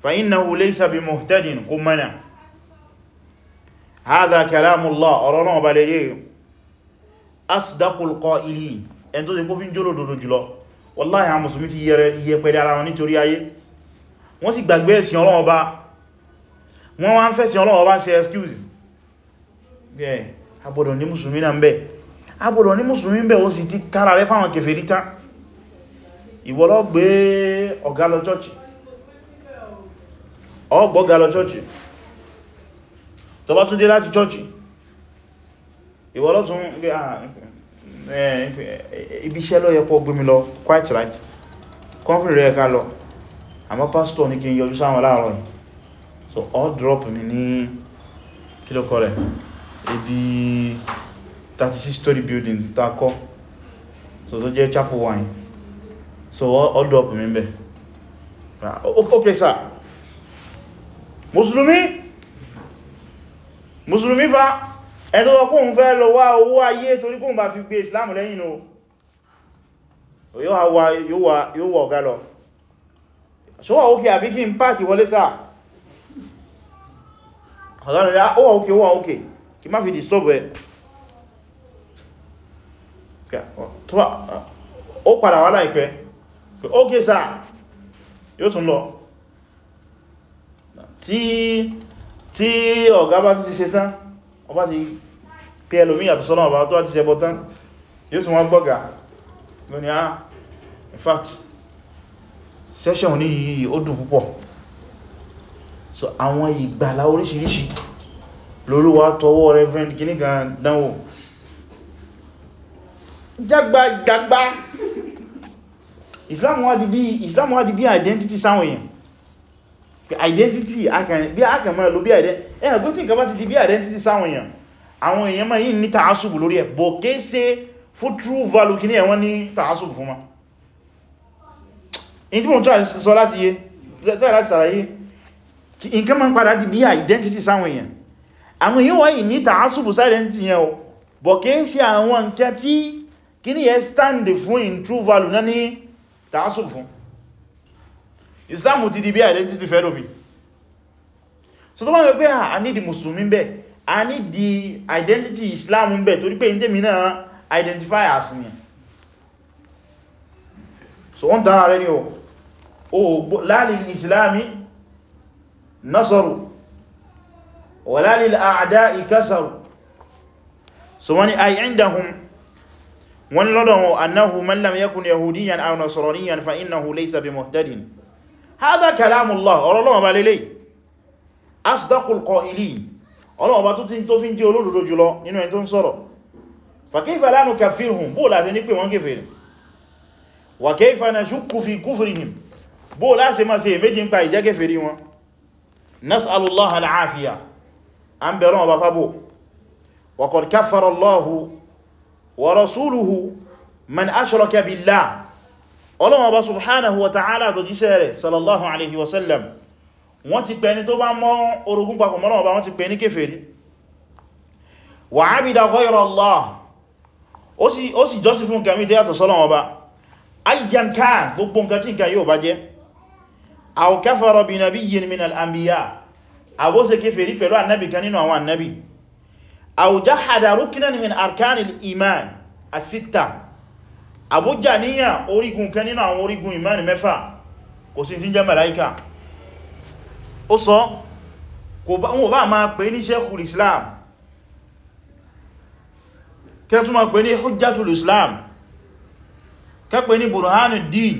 fa innahu laysa bi muhtadin mana hadha kalamullah ọ̀rọ̀ náà lè rí asdaqul qa'ilin ẹni tó ṣe kó fi ń jòrò dòdò jùlọ wallahi àwọn musulmi ti yẹ pẹ̀lẹ̀ ara wọn nítorí ayé wọ́n sì gbàgbé ẹ̀sìn Ọlọ́run Ọba wọ́n wá ń fẹ́sìn Ọlọ́run Ọba ṣe excuse bẹ́ẹ̀ agbọ́dọ̀ ní musulmi náà ń bẹ agbọ́dọ̀ ní musulmi ń bẹ ó sì ti kára rẹ fáwọn kèfèrí tán ìwọ ló gbé ọ̀gá lọ chọ́ọ̀chì ọgbọ́gá lọ chọ́ọ̀chì tó bá tún dé láti chọ́ọ̀chì ìwọ́lọ́tún ah, ibiṣẹ́ ló yẹ kó lọ quite right company rẹ̀ ká lọ àmọ́ pastor ní kí n yọjú sáwọn láàárọ̀ yìí so all drop mi ní kílọ́kọ́ rẹ̀ ibi 36 story building takọ́ so tó jẹ́ chapel wine so all drop mi bẹ̀ ah, ok sir musulumi musulumi ba ẹ̀tọ́ sọ kún fẹ́ lọ wá owó ayé torí kún bá fi gbé Islam lẹ́yìn o yóò wà ọ̀gá lọ so wà ókè àbí kí n pààkì wọlé sáà ọ̀gárẹ̀ ó wà ókè ó wà ókè kí má fi disturb ẹ ó padà wá láìpẹ́ ókè sáà yóò tún lọ tí ọ̀gá bá ti ṣe tán ọba ti pé ẹlòmí yàtọ̀ sọ́lọ́wọ́ ọba tó àti ṣẹbọ tán yóò tún wọ́n gbọ́gà lónìí ah in fact session ní yìí ó dùn púpọ̀ so àwọn ìgbàlá oríṣiríṣi lórúwà tọwọ́ reverend ginigan dánwò jágbàjágbà Islam wá di bí identity sáwọn èèyàn identity bí akẹ̀mọ́ ló bí identity ẹ̀yàn kó tí nǹkan bá ti di bí identity sáwọn èèyàn àwọn èèyàn máa yìí ní tààsùbù lórí ẹ̀ bọ̀ kéé ṣe fún true value kí ní ẹ̀wọ́n ní tààsùbù fún ma in tí mo tọ́ sọ láti yé tọ́ láti sàlàyé ń padà di bí identity sáwọn èèyàn àwọn èèyàn wọ́n yìí ní identity yẹn o bọ̀ kéé ṣe àwọn nǹkan tí kí ní ẹ islam ti di bí identity fẹ́ lómi so tó bá wọ́n pé a ah, need di musulmi bẹ́ a need the identity islam bẹ́ torí pé ní tèmi náà identify as me. so wọ́n tánà rẹ̀ ni o o lálil islami nasaru wa lálil a'da'i kasaru so wani ay indahum wani lọ́dọ̀ annahu man lam yakun yahudiyan aw nasraniyan fa innahu laysa bi muhtadin هذا كلام الله náà bá lélẹ̀ asdaqul qa'ilin ọlọ́wọ́ bá tó fi ń jẹ́ olódodo jùlọ nínú ẹni tó ń sọ̀rọ̀ fa kayfa la nukaffiruhum bó láti ní pé wọ́n kèfèrè wa kayfa nashukku fi kufrihim bó láti máa ṣe méjì ń pa ìjẹ́ kèfèrí wọn Ọlọ́hun Ọba subhanahu wa ta'ala tó jíṣẹ́ rẹ̀ sallallahu alaihi wasallam wọ́n ti pẹni tó bá mọ́ orogún papọ̀ mọ́ Ọlọ́hun Ọba wọ́n ti pẹni kèfèrí wa abida ghayra Allah ó sì jọ́sí fún kàmí tó yàtọ̀ sọ́lọ́hun Ọba ayyan kan gbogbo nǹkan tí nǹkan yóò bá jẹ́ aw kafara bi àbújá níyà orígun kan nínú àwọn orígun ìmánì mẹ́fà kò sí tí ń jẹ́ mẹ́láíkà ó sọ wọ́n bá máa pè ní sheikhul islam kẹ́tún máa pè ní hujjatul islam kẹ́pẹ́ ní burhanu din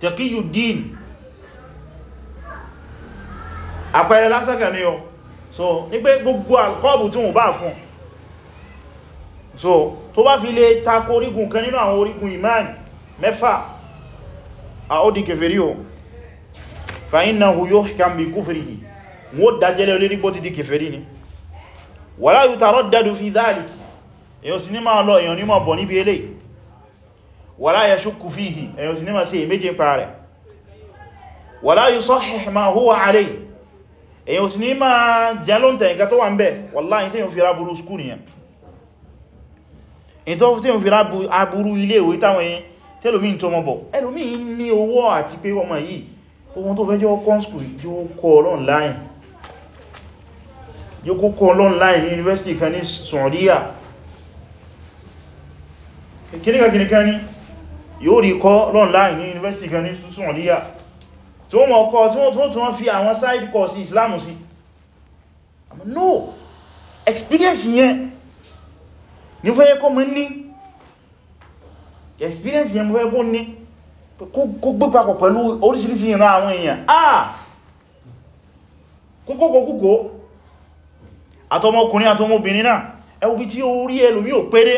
taqiyu din àpẹẹrẹ lásẹ́kẹ̀ ni ó so ní pé gbogbo alkọ́bù tí wọ́n bá fún so tó bá fi lè tako orígun kan nínú àwọn orígun iman mẹ́fà a ó di kèfèrí o fa innahu yuhkam bi kufrihi wọ́n dájẹ́lẹ̀ olè nígbó ti di kèfèrí ni wala yutaraddadu fi dhalik èyàn sì lọ èyàn ní bọ̀ níbi eléyìí wala yashukku fihi èyàn sì ní máa ṣe èméjì pa rẹ̀ wala yusahhih ma huwa èyàn sì jẹ́ lóǹtẹ̀ nǹkan tó wà ń bẹ̀ wallahi tí yóò fi ráburú skú nìyàn ìtọ́ tí ó fi aburú ilé ìwé táwọn yìí tẹ́lòmí tó mọ́ bọ̀ ẹlòmí ní owó àti pé ọmọ yìí ohun tó fẹ́ jẹ́ ọkọ̀ skùl yóò kọ́ online university kan ní Saudiya kìníkàkìníkà ní yóò rí kọ́ online university kan ní Saudiya tí ó mọ̀ ọkọ̀ tí fi àwọn side course Islam no experience yẹn ní fẹ́ kó mọ́ ní experience yẹn mọ́ fẹ́ kó ní kó gbé papọ̀ pẹ̀lú oríṣiríṣi ìran àwọn èèyàn ah kókókókókó àtọmọkùnrin àtọmọbìnrin náà ẹwú bí tí ó rí ẹlòmí ò péré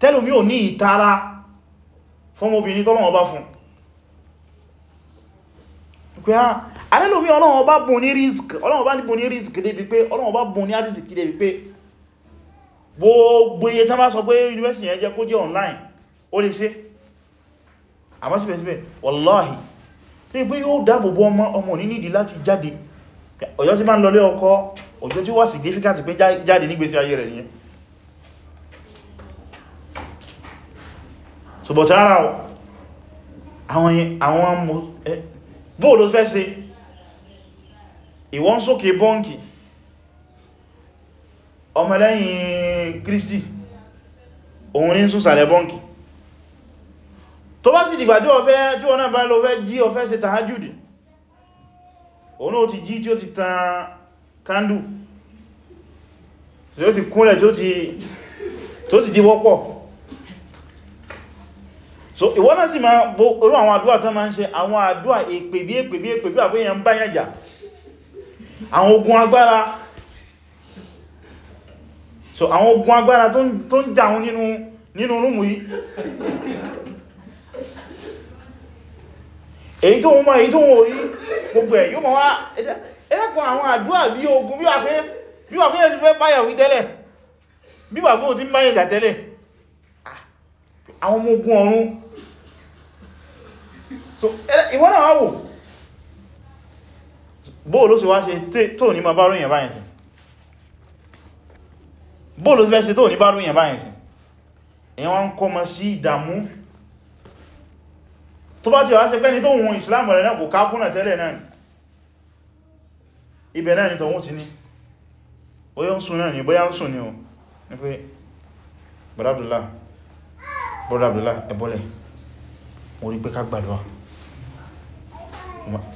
tẹ́lòmí ò ní ìtara fọmọbìnrin tọ́lọ́wọ́ bá fún pé á ah, arẹ́lòmí ọlọ́wọ́ bá bùn ní rísk débi pé gbogbo iye tán bá sọ pé university yẹn jẹ́ kó jẹ́ online ó lè ṣe àmọ́ síbẹ̀síbẹ̀ wallahi tí pé yóò dáàbòbò ọmọ ọmọ ní nídi láti jáde ọjọ́ tí bá ń lọlé ọkọ ọjọ́ tí wà significant pé jáde nígbésí ayé rẹ̀ nìyẹn ṣùgbọ́ta ara àwọn bóòlù fẹ́ ṣe ìwọ́n sókè bọ́ǹkì ọmọlẹ́yìn Kristi òun ní súnsàlẹ̀ bọ́ǹkì tó bá sì dìgbà tí wọ́n náà bá lọ fẹ́ jí ó fẹ́ ṣe tàájúdì òun ó ti jí tí ó ti tan kándù tí ó ti kúnlẹ̀ tí ó ti di wọ́pọ̀ so ìwọ́n náà sì ma bó orú àwọn àdúwà tán ma ń ṣe àwọn àdúwà èpè bí èpè bí èpè bí àpéyàn báyàjà àwọn ogun agbára so àwọn ogun agbára tó ń jà wọn nínú rúmù yìí èyí tó wọ́n èyí tó wọ́n orí gbogbo ẹ̀ yóò mọ́ wá ẹlẹ́kùn àwọn àdúrà bí ogun bí wà fẹ́ ẹ̀sì fẹ́ báyà wí tẹ́lẹ̀ bí wà fún ìwọ́n náà wò bóò ló sì wá ṣe tó ní ma bá ròyìn báyìí sí bóòlù fẹ́ ṣe tó ní bárú èyàn báyìí sí èyàn wọ́n kọ́ mọ́ sí ìdàmú tó bá ti wá ṣe pẹ́ni tó hun Islam rẹ̀ náà kò kákúnà tẹ́lẹ̀ náà ni ibẹ̀ náà ni tọ̀hún ti ní bóyá ń sùn náà ni bóyá ń sùn ni o ní pé Brother Abdullah Brother Abdullah ẹbọ́lẹ̀ mo rí pé ká gbàdúwà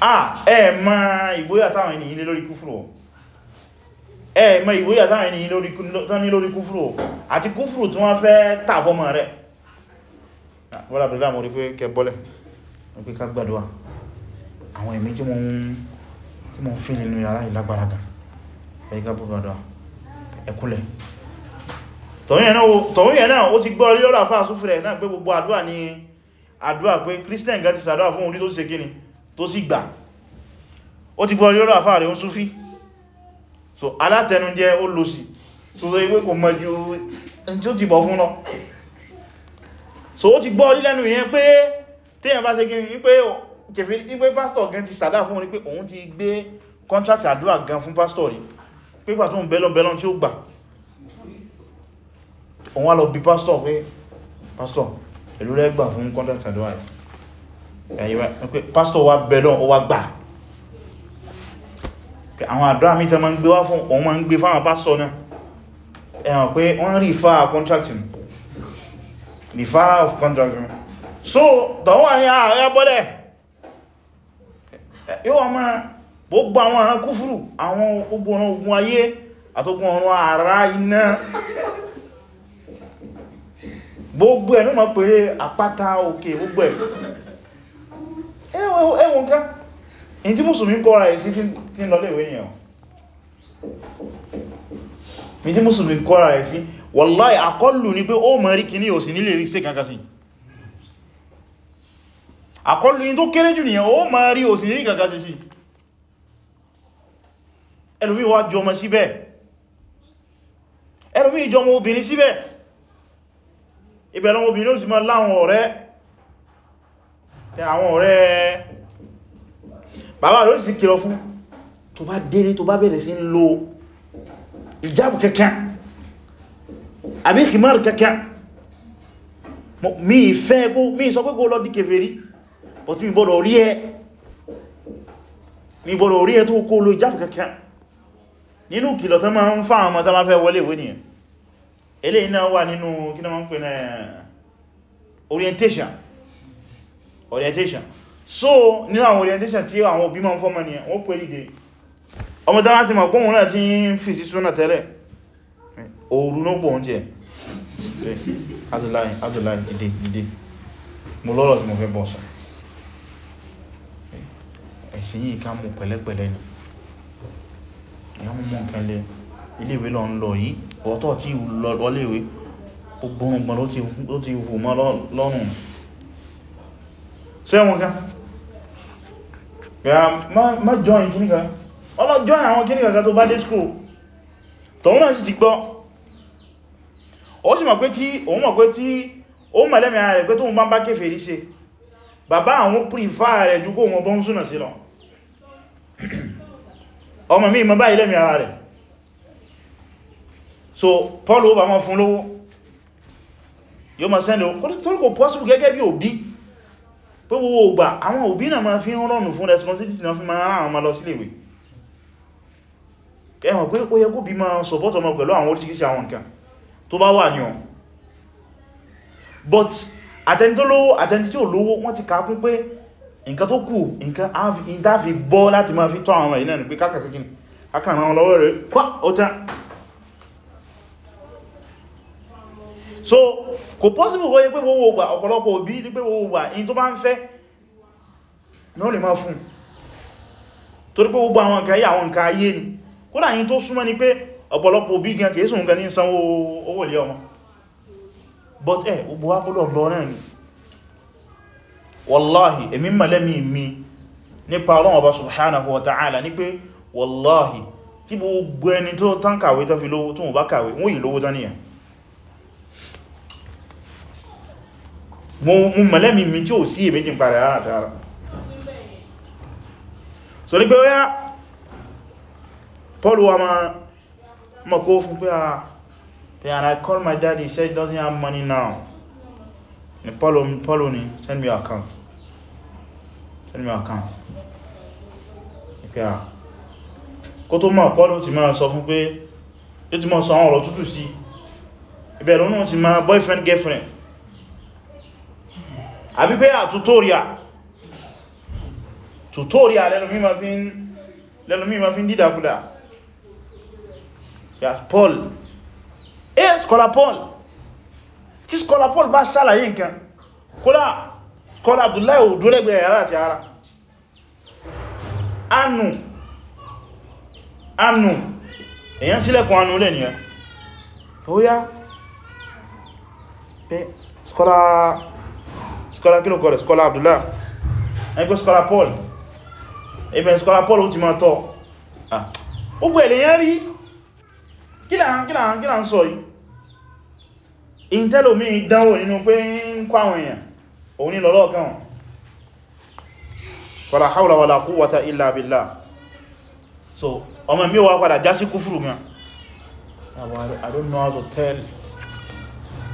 ah ẹ̀ ma ìgbóyà táwọn ènìyàn lórí kúfùrù ẹ mọ̀ ìwòyà láàrin ní lórí kúfùrù àti kúfùrù tí wọ́n fẹ́ tàfọ́mọ̀ rẹ̀ wọ́lá ah, bẹ̀rẹ̀ láàmù orí pé kẹbọ́lẹ̀ pé ká gbàdúwà àwọn ẹ̀mí tí mo ń fi nínú yàrá ìlágbára gan ẹ̀yíká bú gbàdúwà ẹkúlẹ̀ tọ̀hún yẹn náà ó ti gbọ́ orí lọ́rọ̀ àfáà súnfẹ́rẹ̀ náà pé gbogbo àdúwà ní àdúwà pé Christian gan ti sàdúwà fún orí tó sì so alátẹnujẹ́ ó lòsì so so ìwé kò mọ̀ ju tí ó ti bọ̀ fún lọ so ó ti gbọ́ lílẹ́nu ìyẹn pé téèyàn bá ṣe gini pé kèfèrí gan ti sàdá fún ní òun ti gbé contract àdúrà gan fún pastor rí pípà tó ń bẹ́lọ́n bẹ́lọ́n tí ó gbà òun wá lọ bí pastor pé pastor ìlú rẹ̀ gbà fún contract àdúrà rẹ̀ pastor wá bẹ́lọ́n ó wá gbà àwọn àdúrà mítà ma ń gbé wá fún òun ma ń gbé fáwọn pásọ̀ náà ẹ̀hàn pé wọ́n rí fà contracting the fire of contracting so tọ́wọ́ ní ààrẹ ah, abọ́lẹ̀ yóò wọ́n máa gbogbo àwọn àrán kúfùrù àwọn gbogbo ọ̀nà ogun ayé àtógún ọ̀run ara iná gbogbo ẹ̀ ní ma pèrè àpáta òkè gbogbo ẹ̀ ẹwọ̀n ká in tí musulmi kọ́ra ẹ̀ sí tí ń lọlé ìwé nìyàn ní tí musulmi kọ́ra ẹ̀ sí wallahi akọlù ní pé ó mọ̀ rí kìíní ò sí nílé rí sí kankan sí akọlù ní tó kéré jù nìyàn ó mọ̀ rí ò sí nílé kankan sí sí ẹlùmí wá jọmọ síbẹ̀ ẹlùmí ìjọmọ obìnrin síbẹ̀ bàbá rẹ̀ ó sì kìlọ̀ fún tó bá délé tó bá bẹ̀rẹ̀ sí ń lo ìjáàbù kẹ́kẹ́ àbí ìkìmọ̀rì kẹ́kẹ́ mi ìfẹ́ kó mi sọ pé kó lọ di kèfèrí but mi bọ́dọ̀ rí ẹ mi bọ́dọ̀ rí ẹ tó kó lo ìjáàbù kẹ́kẹ́ nínú kìlọ̀ tó máa ń fà àwọn tó máa fẹ́ wọlé ìwé nìyàn eléyìí náà wà nínú kí náà máa ń pè náà orientation orientation so nínú àwọn orientation tí àwọn òbí máa ń fọ́mọ nìyàn wọ́n pè dìde ọmọ tán láti mọ̀ pọ́nwọ́n náà ti ń fi sí súnà tẹ́lẹ̀ òru ló pọ̀ oúnjẹ adìláì adìláì dìde dìde mo lọ́rọ̀ tí mo fẹ́ bọ́ sọ ẹ̀sìn yìí ká mú pẹ̀lẹ́pẹ̀lẹ́ ni ìyá mú mọ́ nǹkan lẹ iléèwé lọ ń lọ yìí ọ̀tọ̀ ma join kìníkà ọlọ́ join àwọn kìníkà kan tó bá dé school tọ́wọ́n náà sì ti gbọ́ ó sì mọ̀ pé tí òun mọ̀ pé tí ó mọ̀lẹ́mì ara rẹ̀ pé tóun bá ń bá kèfèrí ṣe bàbá àwọn pìrìfà rẹ̀ ju kó wọn bọ́n súnà sí lọ ọmọ mi mọ́ báyìí lẹ́mì ara rẹ̀ so Paul ó bá mọ́ fún lówó yóò mọ̀ sẹ́ndẹ̀ ó tó kò possible gẹ́gẹ́ bí òbí pé gbogbo ògbà àwọn òbí náà ma fi ń rọrùn fún responsibility náà fi ma rán àwọn ọmọ lọ sílé ìwé ẹwọ̀n pé ó yẹ kó bí ma support ọmọ pẹ̀lú àwọn oríṣiríṣi àwọn nǹkan tó bá wà ní ọ̀n but àtẹnitólówó àtẹnití tí ò lówó wọ́n ti kàákún pé nǹkan tó kù nǹkan ìdáfi bọ́ láti ma fi tọ́ àwọn ọmọ ìnáà ní pé kákàsíkín akàràn lọ́wọ́ rẹ̀ kwá ó tán so kò possible kó yẹ pé gbogbo ògbà ọ̀pọ̀lọpọ̀ òbí ní pé gbogbo ògbà in tó bá ń fẹ́ náà lè máa fún torí pé gbogbo àwọn nǹkan ayé àwọn nǹkan ayé ni kódà yìí tó súnmọ́ ni pé ọ̀pọ̀lọpọ̀ òbí gan kìí sùn ní owó ilé ọmọ mú mọ̀lẹ́mì mi tí ó sí èméjì ń parẹ̀ ara tààrà so ní pé ó yá Paul wa ma kó fún pé a ah, and I call my dad he said he doesn't have money now ni Paul Paul ni send me your account send me your account ìpé a ah. kó tó máa Paul ti máa sọ fún pé ó ti máa sọ àwọn ọ̀rọ̀ tútù sí ìbẹ̀rẹ̀ lónà ti máa boyfriend girlfriend àbí pé à tutorial tutorial lẹ́lùmí ma fi ń dídàkúdà ya Paul eh scholar Paul tí scholar Paul bá ṣàlàyé nǹkan kódà scholar Abdullahi odó lẹ́gbẹ̀ẹ́ yàrá àti ara anu anu èyàn sílẹ̀kùn anu lẹ́ nìyàn ó yá pé scholar scholar kí ló kọ́ rẹ̀ scholar Abdullah ẹgbẹ́ scholar Paul even scholar Paul ó ti máa tọ́ ó ah, gbẹ̀ lè yán rí kí ń sọ yìí ìntẹ́lòmí ìdánwò nínú pé ń kọ́ àwọn èèyàn òun ní lọ́lọ́ kan wala hawla wala quwwata illa billah so ọmọ mi wá padà já sí kúfùrù gan I don't know how to tell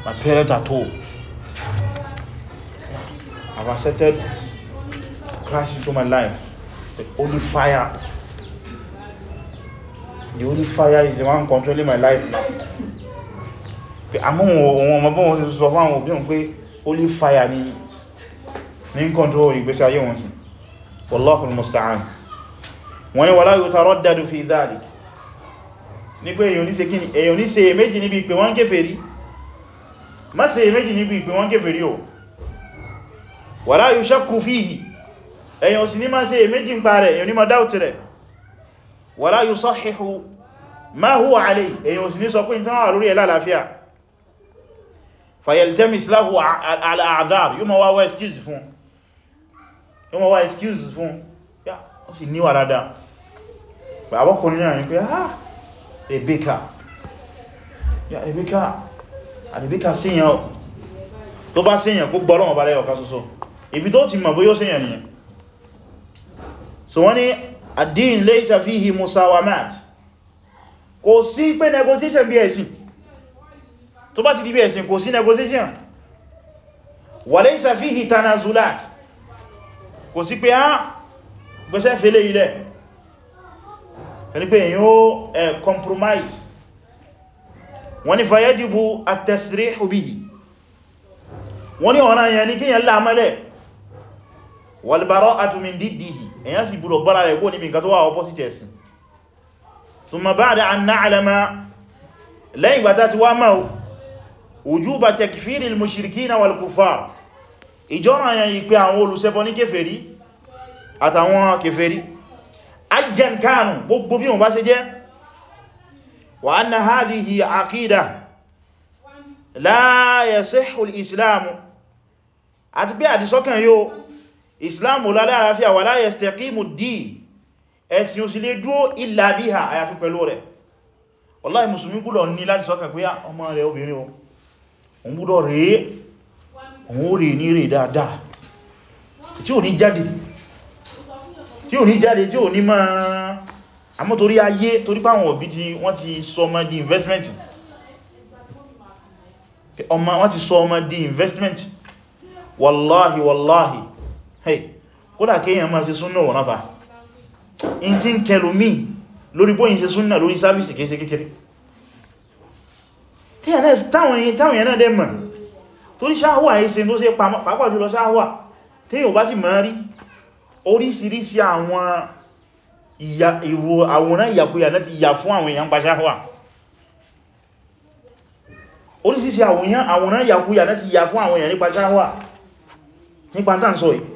my parents at all I've accepted Christ into my life. The only fire. The only fire is the one controlling my life now. Àmọ́ òun ọmọ bọ́n wọ́n ti sọ fún àwọn òbí òun pé only fire ni ní control ìgbésí ayé wọn sí. Wallahu al-musta'an. Wọ́n ni wala yutaraddadu fi dhalik. Ní pé èyàn ní ṣe méjì níbi ìpè wọ́n kéfèrí. Má ṣe méjì níbi ìpè wọ́n o wala yushakku fihi èyàn sì ní máa ṣe èméjì ń pa rẹ̀ èyàn ní máa dáútì rẹ̀ wala yusahhihu ma huwa alayhi èyàn sì ní sọ pé ìtànwà lórí ẹ̀lá àlàáfíà fayaltamis lahu al-a'dhar yóò ma wá wá excuse fún yóò ma wá excuse fún yá ó sì níwà dáadáa pẹ̀ àwọ́kùnrin náà ah, tó bá síyàn kó gbọ́rọ̀ ọ̀bá lẹ́yọ̀ ká sọ́sọ́ ibi tó ti mọ̀ bóyọ́ sẹ́yàn nìyàn so wọ́n ni ad-din laysa fihi musawamat kò sí pé negotiation bí ẹ̀sìn tó bá ti di bí ẹ̀sìn kò sí negotiation wa laysa fihi tanazulat kò sí pé á ah, gbẹ́sẹ̀ fẹ́lẹ̀ ilẹ̀ ẹni pé èyàn ó compromise wọ́n ni fayajibu at-tasrihu bihi wọ́n ni ọ̀nà yẹn ni kíyàn lámẹ́lẹ̀ walbara'atu min diddihi èyàn sì búrọ̀ bára rẹ̀ kó ní nǹkan tó wà opposite ẹ̀sìn thumma ba'da an na'lama lẹ́yìn gbàtà ti wá máa wujuba takfiri al-mushrikina wal-kuffar ìjọ́rọ̀ àyàn yìí pé àwọn olùṣẹbọ ní kèfèrí àtàwọn kèfèrí ajjan kanu gbogbo bí wọ́n bá ṣe jẹ́ wa anna hadhihi aqida la yasihhu al-islamu àti pé àdìsọ́kàn yóò islam ò lálàáfíà wala yastaqimu ad-din ẹ̀sìn òsì lè dúó illa biha àyàfi pẹ̀lú rẹ̀ wallahi musulmi gbúdọ̀ ní láti sọ́kàn pé ah, ọmọ rẹ̀ obìnrin o òun gbúdọ̀ rèé òun ó rèé ní rèé dáadáa tí ò ní jáde tí ò ní jáde tí ò ní máa àmọ́ torí ayé torí pàwọn òbí tí investment wọ́n ti sọ ọmọ di investment wallahi wallahi hey kódà kéèyàn máa ṣe súnnà wọ̀n ráfà in tí ń kẹlù mí lórí bóyìn ṣe súnnà lórí sábìsì kéèṣe kékeré táwọn yẹn náà dẹ̀ mọ̀ torí ṣáhùwà ẹ̀ṣẹ̀ tó ṣe pàápàá jùlọ ṣáhùwà téèyàn bá ti mọ̀ rí oríṣiríṣi àwọn ìwò àwòrán ìyàkúyà láti yà fún àwọn èèyàn pa ṣáhùwà oríṣiríṣi àwòrán ìyàkúyà láti yà fún àwọn èèyàn nípa ṣáhùwà nípa tàǹsọ̀ yìí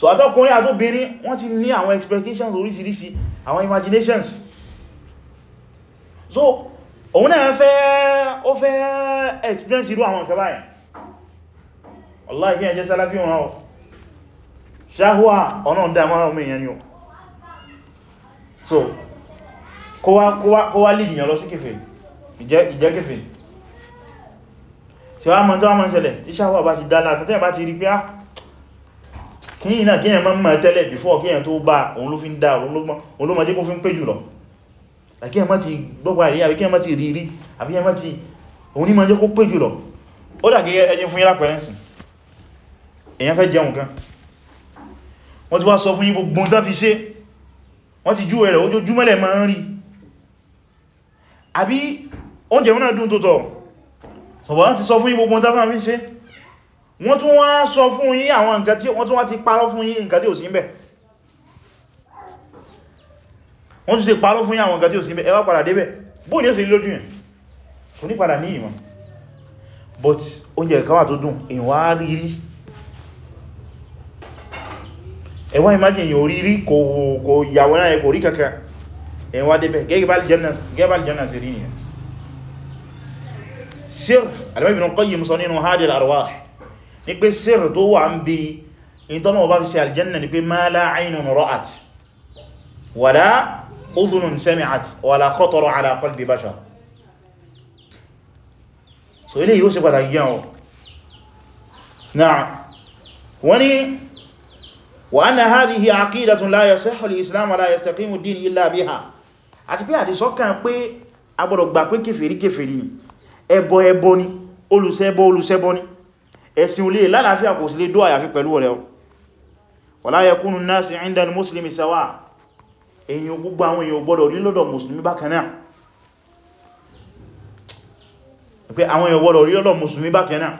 so àtọkùnrin àtóbìnrin wọ́n ti ní àwọn expectations oríṣiríṣi àwọn imaginations so òun náà fẹ́ ó fẹ́ experience irú àwọn kẹba yẹn Allah kí ẹjẹ́ sálá fi wọn ọ̀ ṣáhúwà ọ̀nà ń dámọ́ ọmọ èèyàn ni ó so kó wá lè yìnyàn lọ sí kèfè ìjẹ́ kèfè tí wá mọ́ tí wá mọ́ ṣẹlẹ̀ tí ṣáhúwà bá ti dá látàtẹ́ bá ti rí pé á ah, kí yìí náà kíyàn máa máa tẹ́lẹ̀ before kíyàn tó bá òun ló fi ń dá òun ló máa jẹ́ kó fi ń pé jùlọ kíyàn má ti gbọ́gbà rí àbí kíyàn má ti rí rí àbí kíyàn má ti òun ní máa jẹ́ kó pé jùlọ ó dàgé ẹjẹ́ fún yílá pẹ̀rẹ́nsì èyàn fẹ́ jẹun kan wọ́n wọ́n tún wá sọ fún yín àwọn nǹkan tí wọ́n tún wá ti parọ́ fún yín nǹkan tí ò sí ń bẹ̀ wọ́n tún ti parọ́ fún yín àwọn nǹkan tí ò sí ń bẹ̀ ẹ padà débẹ̀ bóò ní ó sì lójú yẹn kò ní padà ní ìmọ̀ but oúnjẹ kan tó dùn ìwà rírí ẹ wá ní pé sírì tó wà ń bí ìtọ́nà ọba fi ṣe aljanna ní pé ma la aynun ra'at wala udhunun sami'at wala khatara ala qalbi bashar so ilé yíó ṣe pàtàkì yàn ọ̀ náà wani wa anna hadhihi aqidatun la yasihhu al-islam wa la yastaqimu ad-din illa biha àti pé àdìsọ́kàn pé agbọ́dọ̀ gbà pé kèfèrí kèfèrí ni ẹbọ ẹbọ ni olùṣẹbọ olùṣẹbọ ni ẹ̀sìn olè lálàáfíà kò sí lè dó àyàfi pẹ̀lú rẹ̀ wala yakunu nasi inda al-muslimi sawa èyàn gbogbo àwọn èyàn gbọ́dọ̀ rí lọ́dọ̀ musulmi bákanáà pé àwọn èyàn gbọ́dọ̀ rí lọ́dọ̀ musulmi bákanáà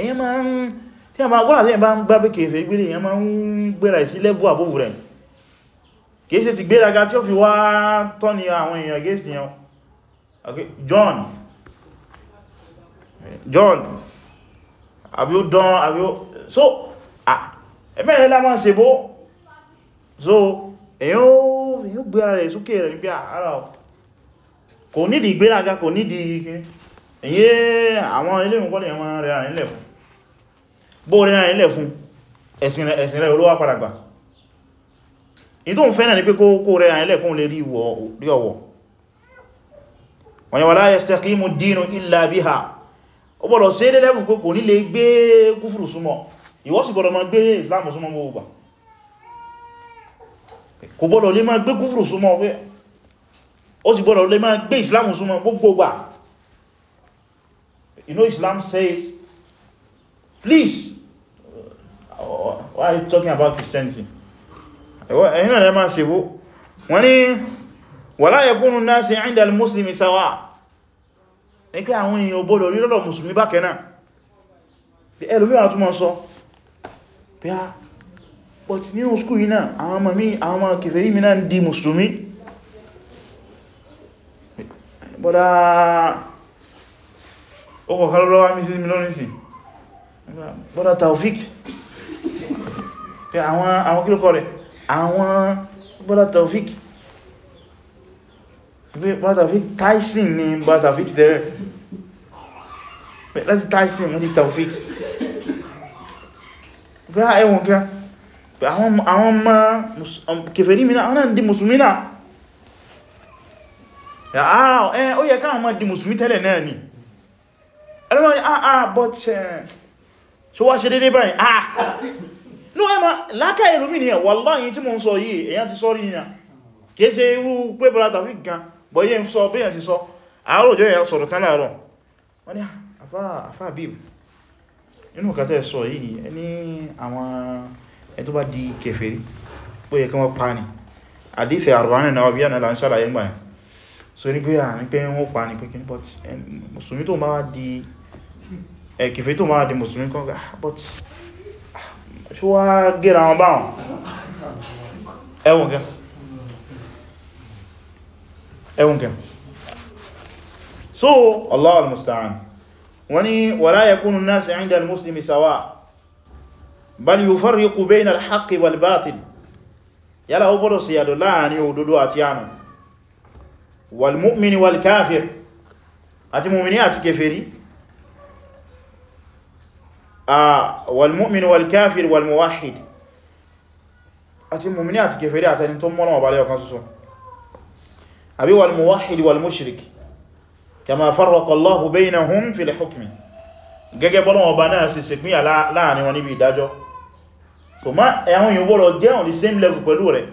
èyàn máa ń tí a máa gbọ́dọ̀ tí a bá ń gbá pé kèfè gbére èyàn máa ń gbéra sí lẹ́bù àbúrú rẹ̀ kìí ṣe ti gbéraga tí ó fi wá tọ́ni àwọn John John àbí ó dán àbí ó so Ah, ẹ̀fẹ́ ilẹ̀ lámọ́ ṣe bó so èyàn ó gbé ara rẹ̀ sókè rẹ̀ níbi ara kò nídi ìgbéraga kò nídi èyí àwọn ilé ìwọ̀n lè máa rẹ̀ àrílẹ̀ fún bó rẹ̀ àrílẹ̀ fún ẹ̀sìn rẹ̀ olówá padà gbà ìtò ń fẹ́ náà ni pé kó rẹ̀ àrílẹ̀ kún lè ri ọwọ́ wọ́n ni wala yastaqimu ad-dinu illa biha ó gbọ́dọ̀ sí ilé lẹ́bù pé kò ní lè gbé kúfùrù súnmọ́ ìwọ sì gbọ́dọ̀ máa gbé islam súnmọ́ gbogbo gbà kò gbọ́dọ̀ lè máa gbé kúfùrù súnmọ́ pé ó sì gbọ́dọ̀ lè máa gbé islam súnmọ́ gbogbo gbà you know islam says please why are you talking about christianity ẹ̀yìn náà lè máa ṣe wọ́n ni wala yakunu al-muslimi sawa' ní kí àwọn èèyàn òbòdó rí lọ́dọ̀ mùsùlùmí bákẹ́ náà bí ẹlòmíwà túnmọ̀ sọ bí a but nínú skú yìí náà àwọn ọmọ mi àwọn ọmọ kèfèrí mi náà di mùsùlùmí bọ́dá ọkọ̀ kalọ́lọ́wà mi sí milọ́rìnsì bọ́dá Taufik àwọn kílùkọ́ Bátàfíkì Tyson ni Bátàfíkì tẹ́rẹ láti Tyson wọ́n di Taufik bí a ẹwọ̀n kí àwọn ọmọ kèfèrí mìíràn àwọn náà di musulmi náà ara ẹ ó yẹ káwọn máa di musulmi tẹ́lẹ̀ náà ni ah, ah, eh, ah. ẹlọ́wọ́n ni àà but ṣe wá ṣe dédé báyìí àà ní ẹmà lákàá ìlúmìnì ẹ̀ wallahi tí mo ń sọ yìí èyàn ti sọ́rí nìyà kìí ṣe irú pé bọ́lá Taufik gan bọ́yẹ́ ń sọ bẹ́yẹ̀ sí sọ àáròjọ́ yẹ sọ̀rọ̀ kan láàrọ̀ wọ́n ni àfá bíb inú kàtẹ́ sọ yìí ẹni àwọn ẹni tó bá di kèfèrí pé yẹ kí wọ́n pa ní àdífẹ́ àrùbánà náà bí yánà láńṣàlà yẹn gbàyàn so ní pé à ní pé wọ́n pa ní pé kí ní but mùsùlùmí tó máa di kèfèrí tó máa di mùsùlùmí kan gà ah, but ah, ṣe wá gẹ́ra wọn báwọn ẹwọ̀n gan ẹwùn kẹ so Allah al-musta'an wani wala yakunu an-nas 'inda al-muslimi sawa bal yufarriqu bayna al-haqqi wal-batil yálà ó gbọ́dọ̀ síyàdọ̀ láàrin òdodo àti ànà wal-mu'mini wal-kafir àti mu'mini àti kèfèrí wal-mu'mini wal-kafir wal-muwahhid àti mu'mini àti kèfèrí àtẹni tó mọ́nà ọ̀bálẹ̀ ọ̀kan àbí walmuwahid walmushrik kama farraqa Allahu baynahum fil hukmi gẹ́gẹ́ bọ́lọ̀ ọba náà sì sì pínyà láàrin wọn níbi ìdájọ́ so ma ẹ̀hún yìí wọ́rọ̀ jẹ́ on the same level pẹ̀lú rẹ̀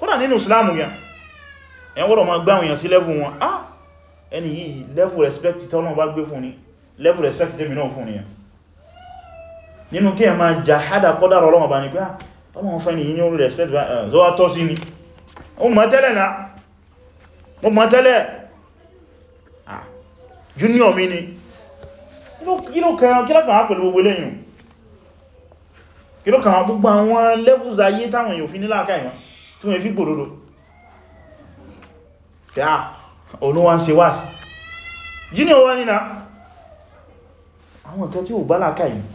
kódà nínú islamu yẹn ẹ̀hún wọ́rọ̀ ma gbáhùn yẹn sí level mo mọ̀ tẹ́lẹ̀ junior mi ni kí ló kẹran kí lọ́kàn á pẹ̀lú gbogbo lẹ́yìn kí ló kàn á gbogbo àwọn levels ayé táwọn èèyàn fi ní láàká ìwọ̀n tí wọ́n fi gbòròdó pé à olówá ń ṣe wáṣì junior wá nínà àwọn ǹkan tí ò bá láàká ìwọ̀n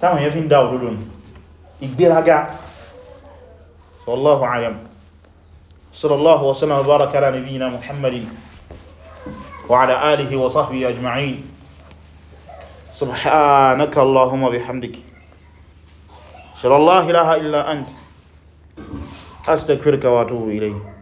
táwọn èèyàn fi ń dá òdòdó ìgbéraga sallallahu alayhi صلى الله وسلم وبارك على نبينا محمد وعلى آله وصحبه أجمعين سبحانك اللهم بحمدك شر الله لا إله إلا أنت أستغفرك وأتوب إليه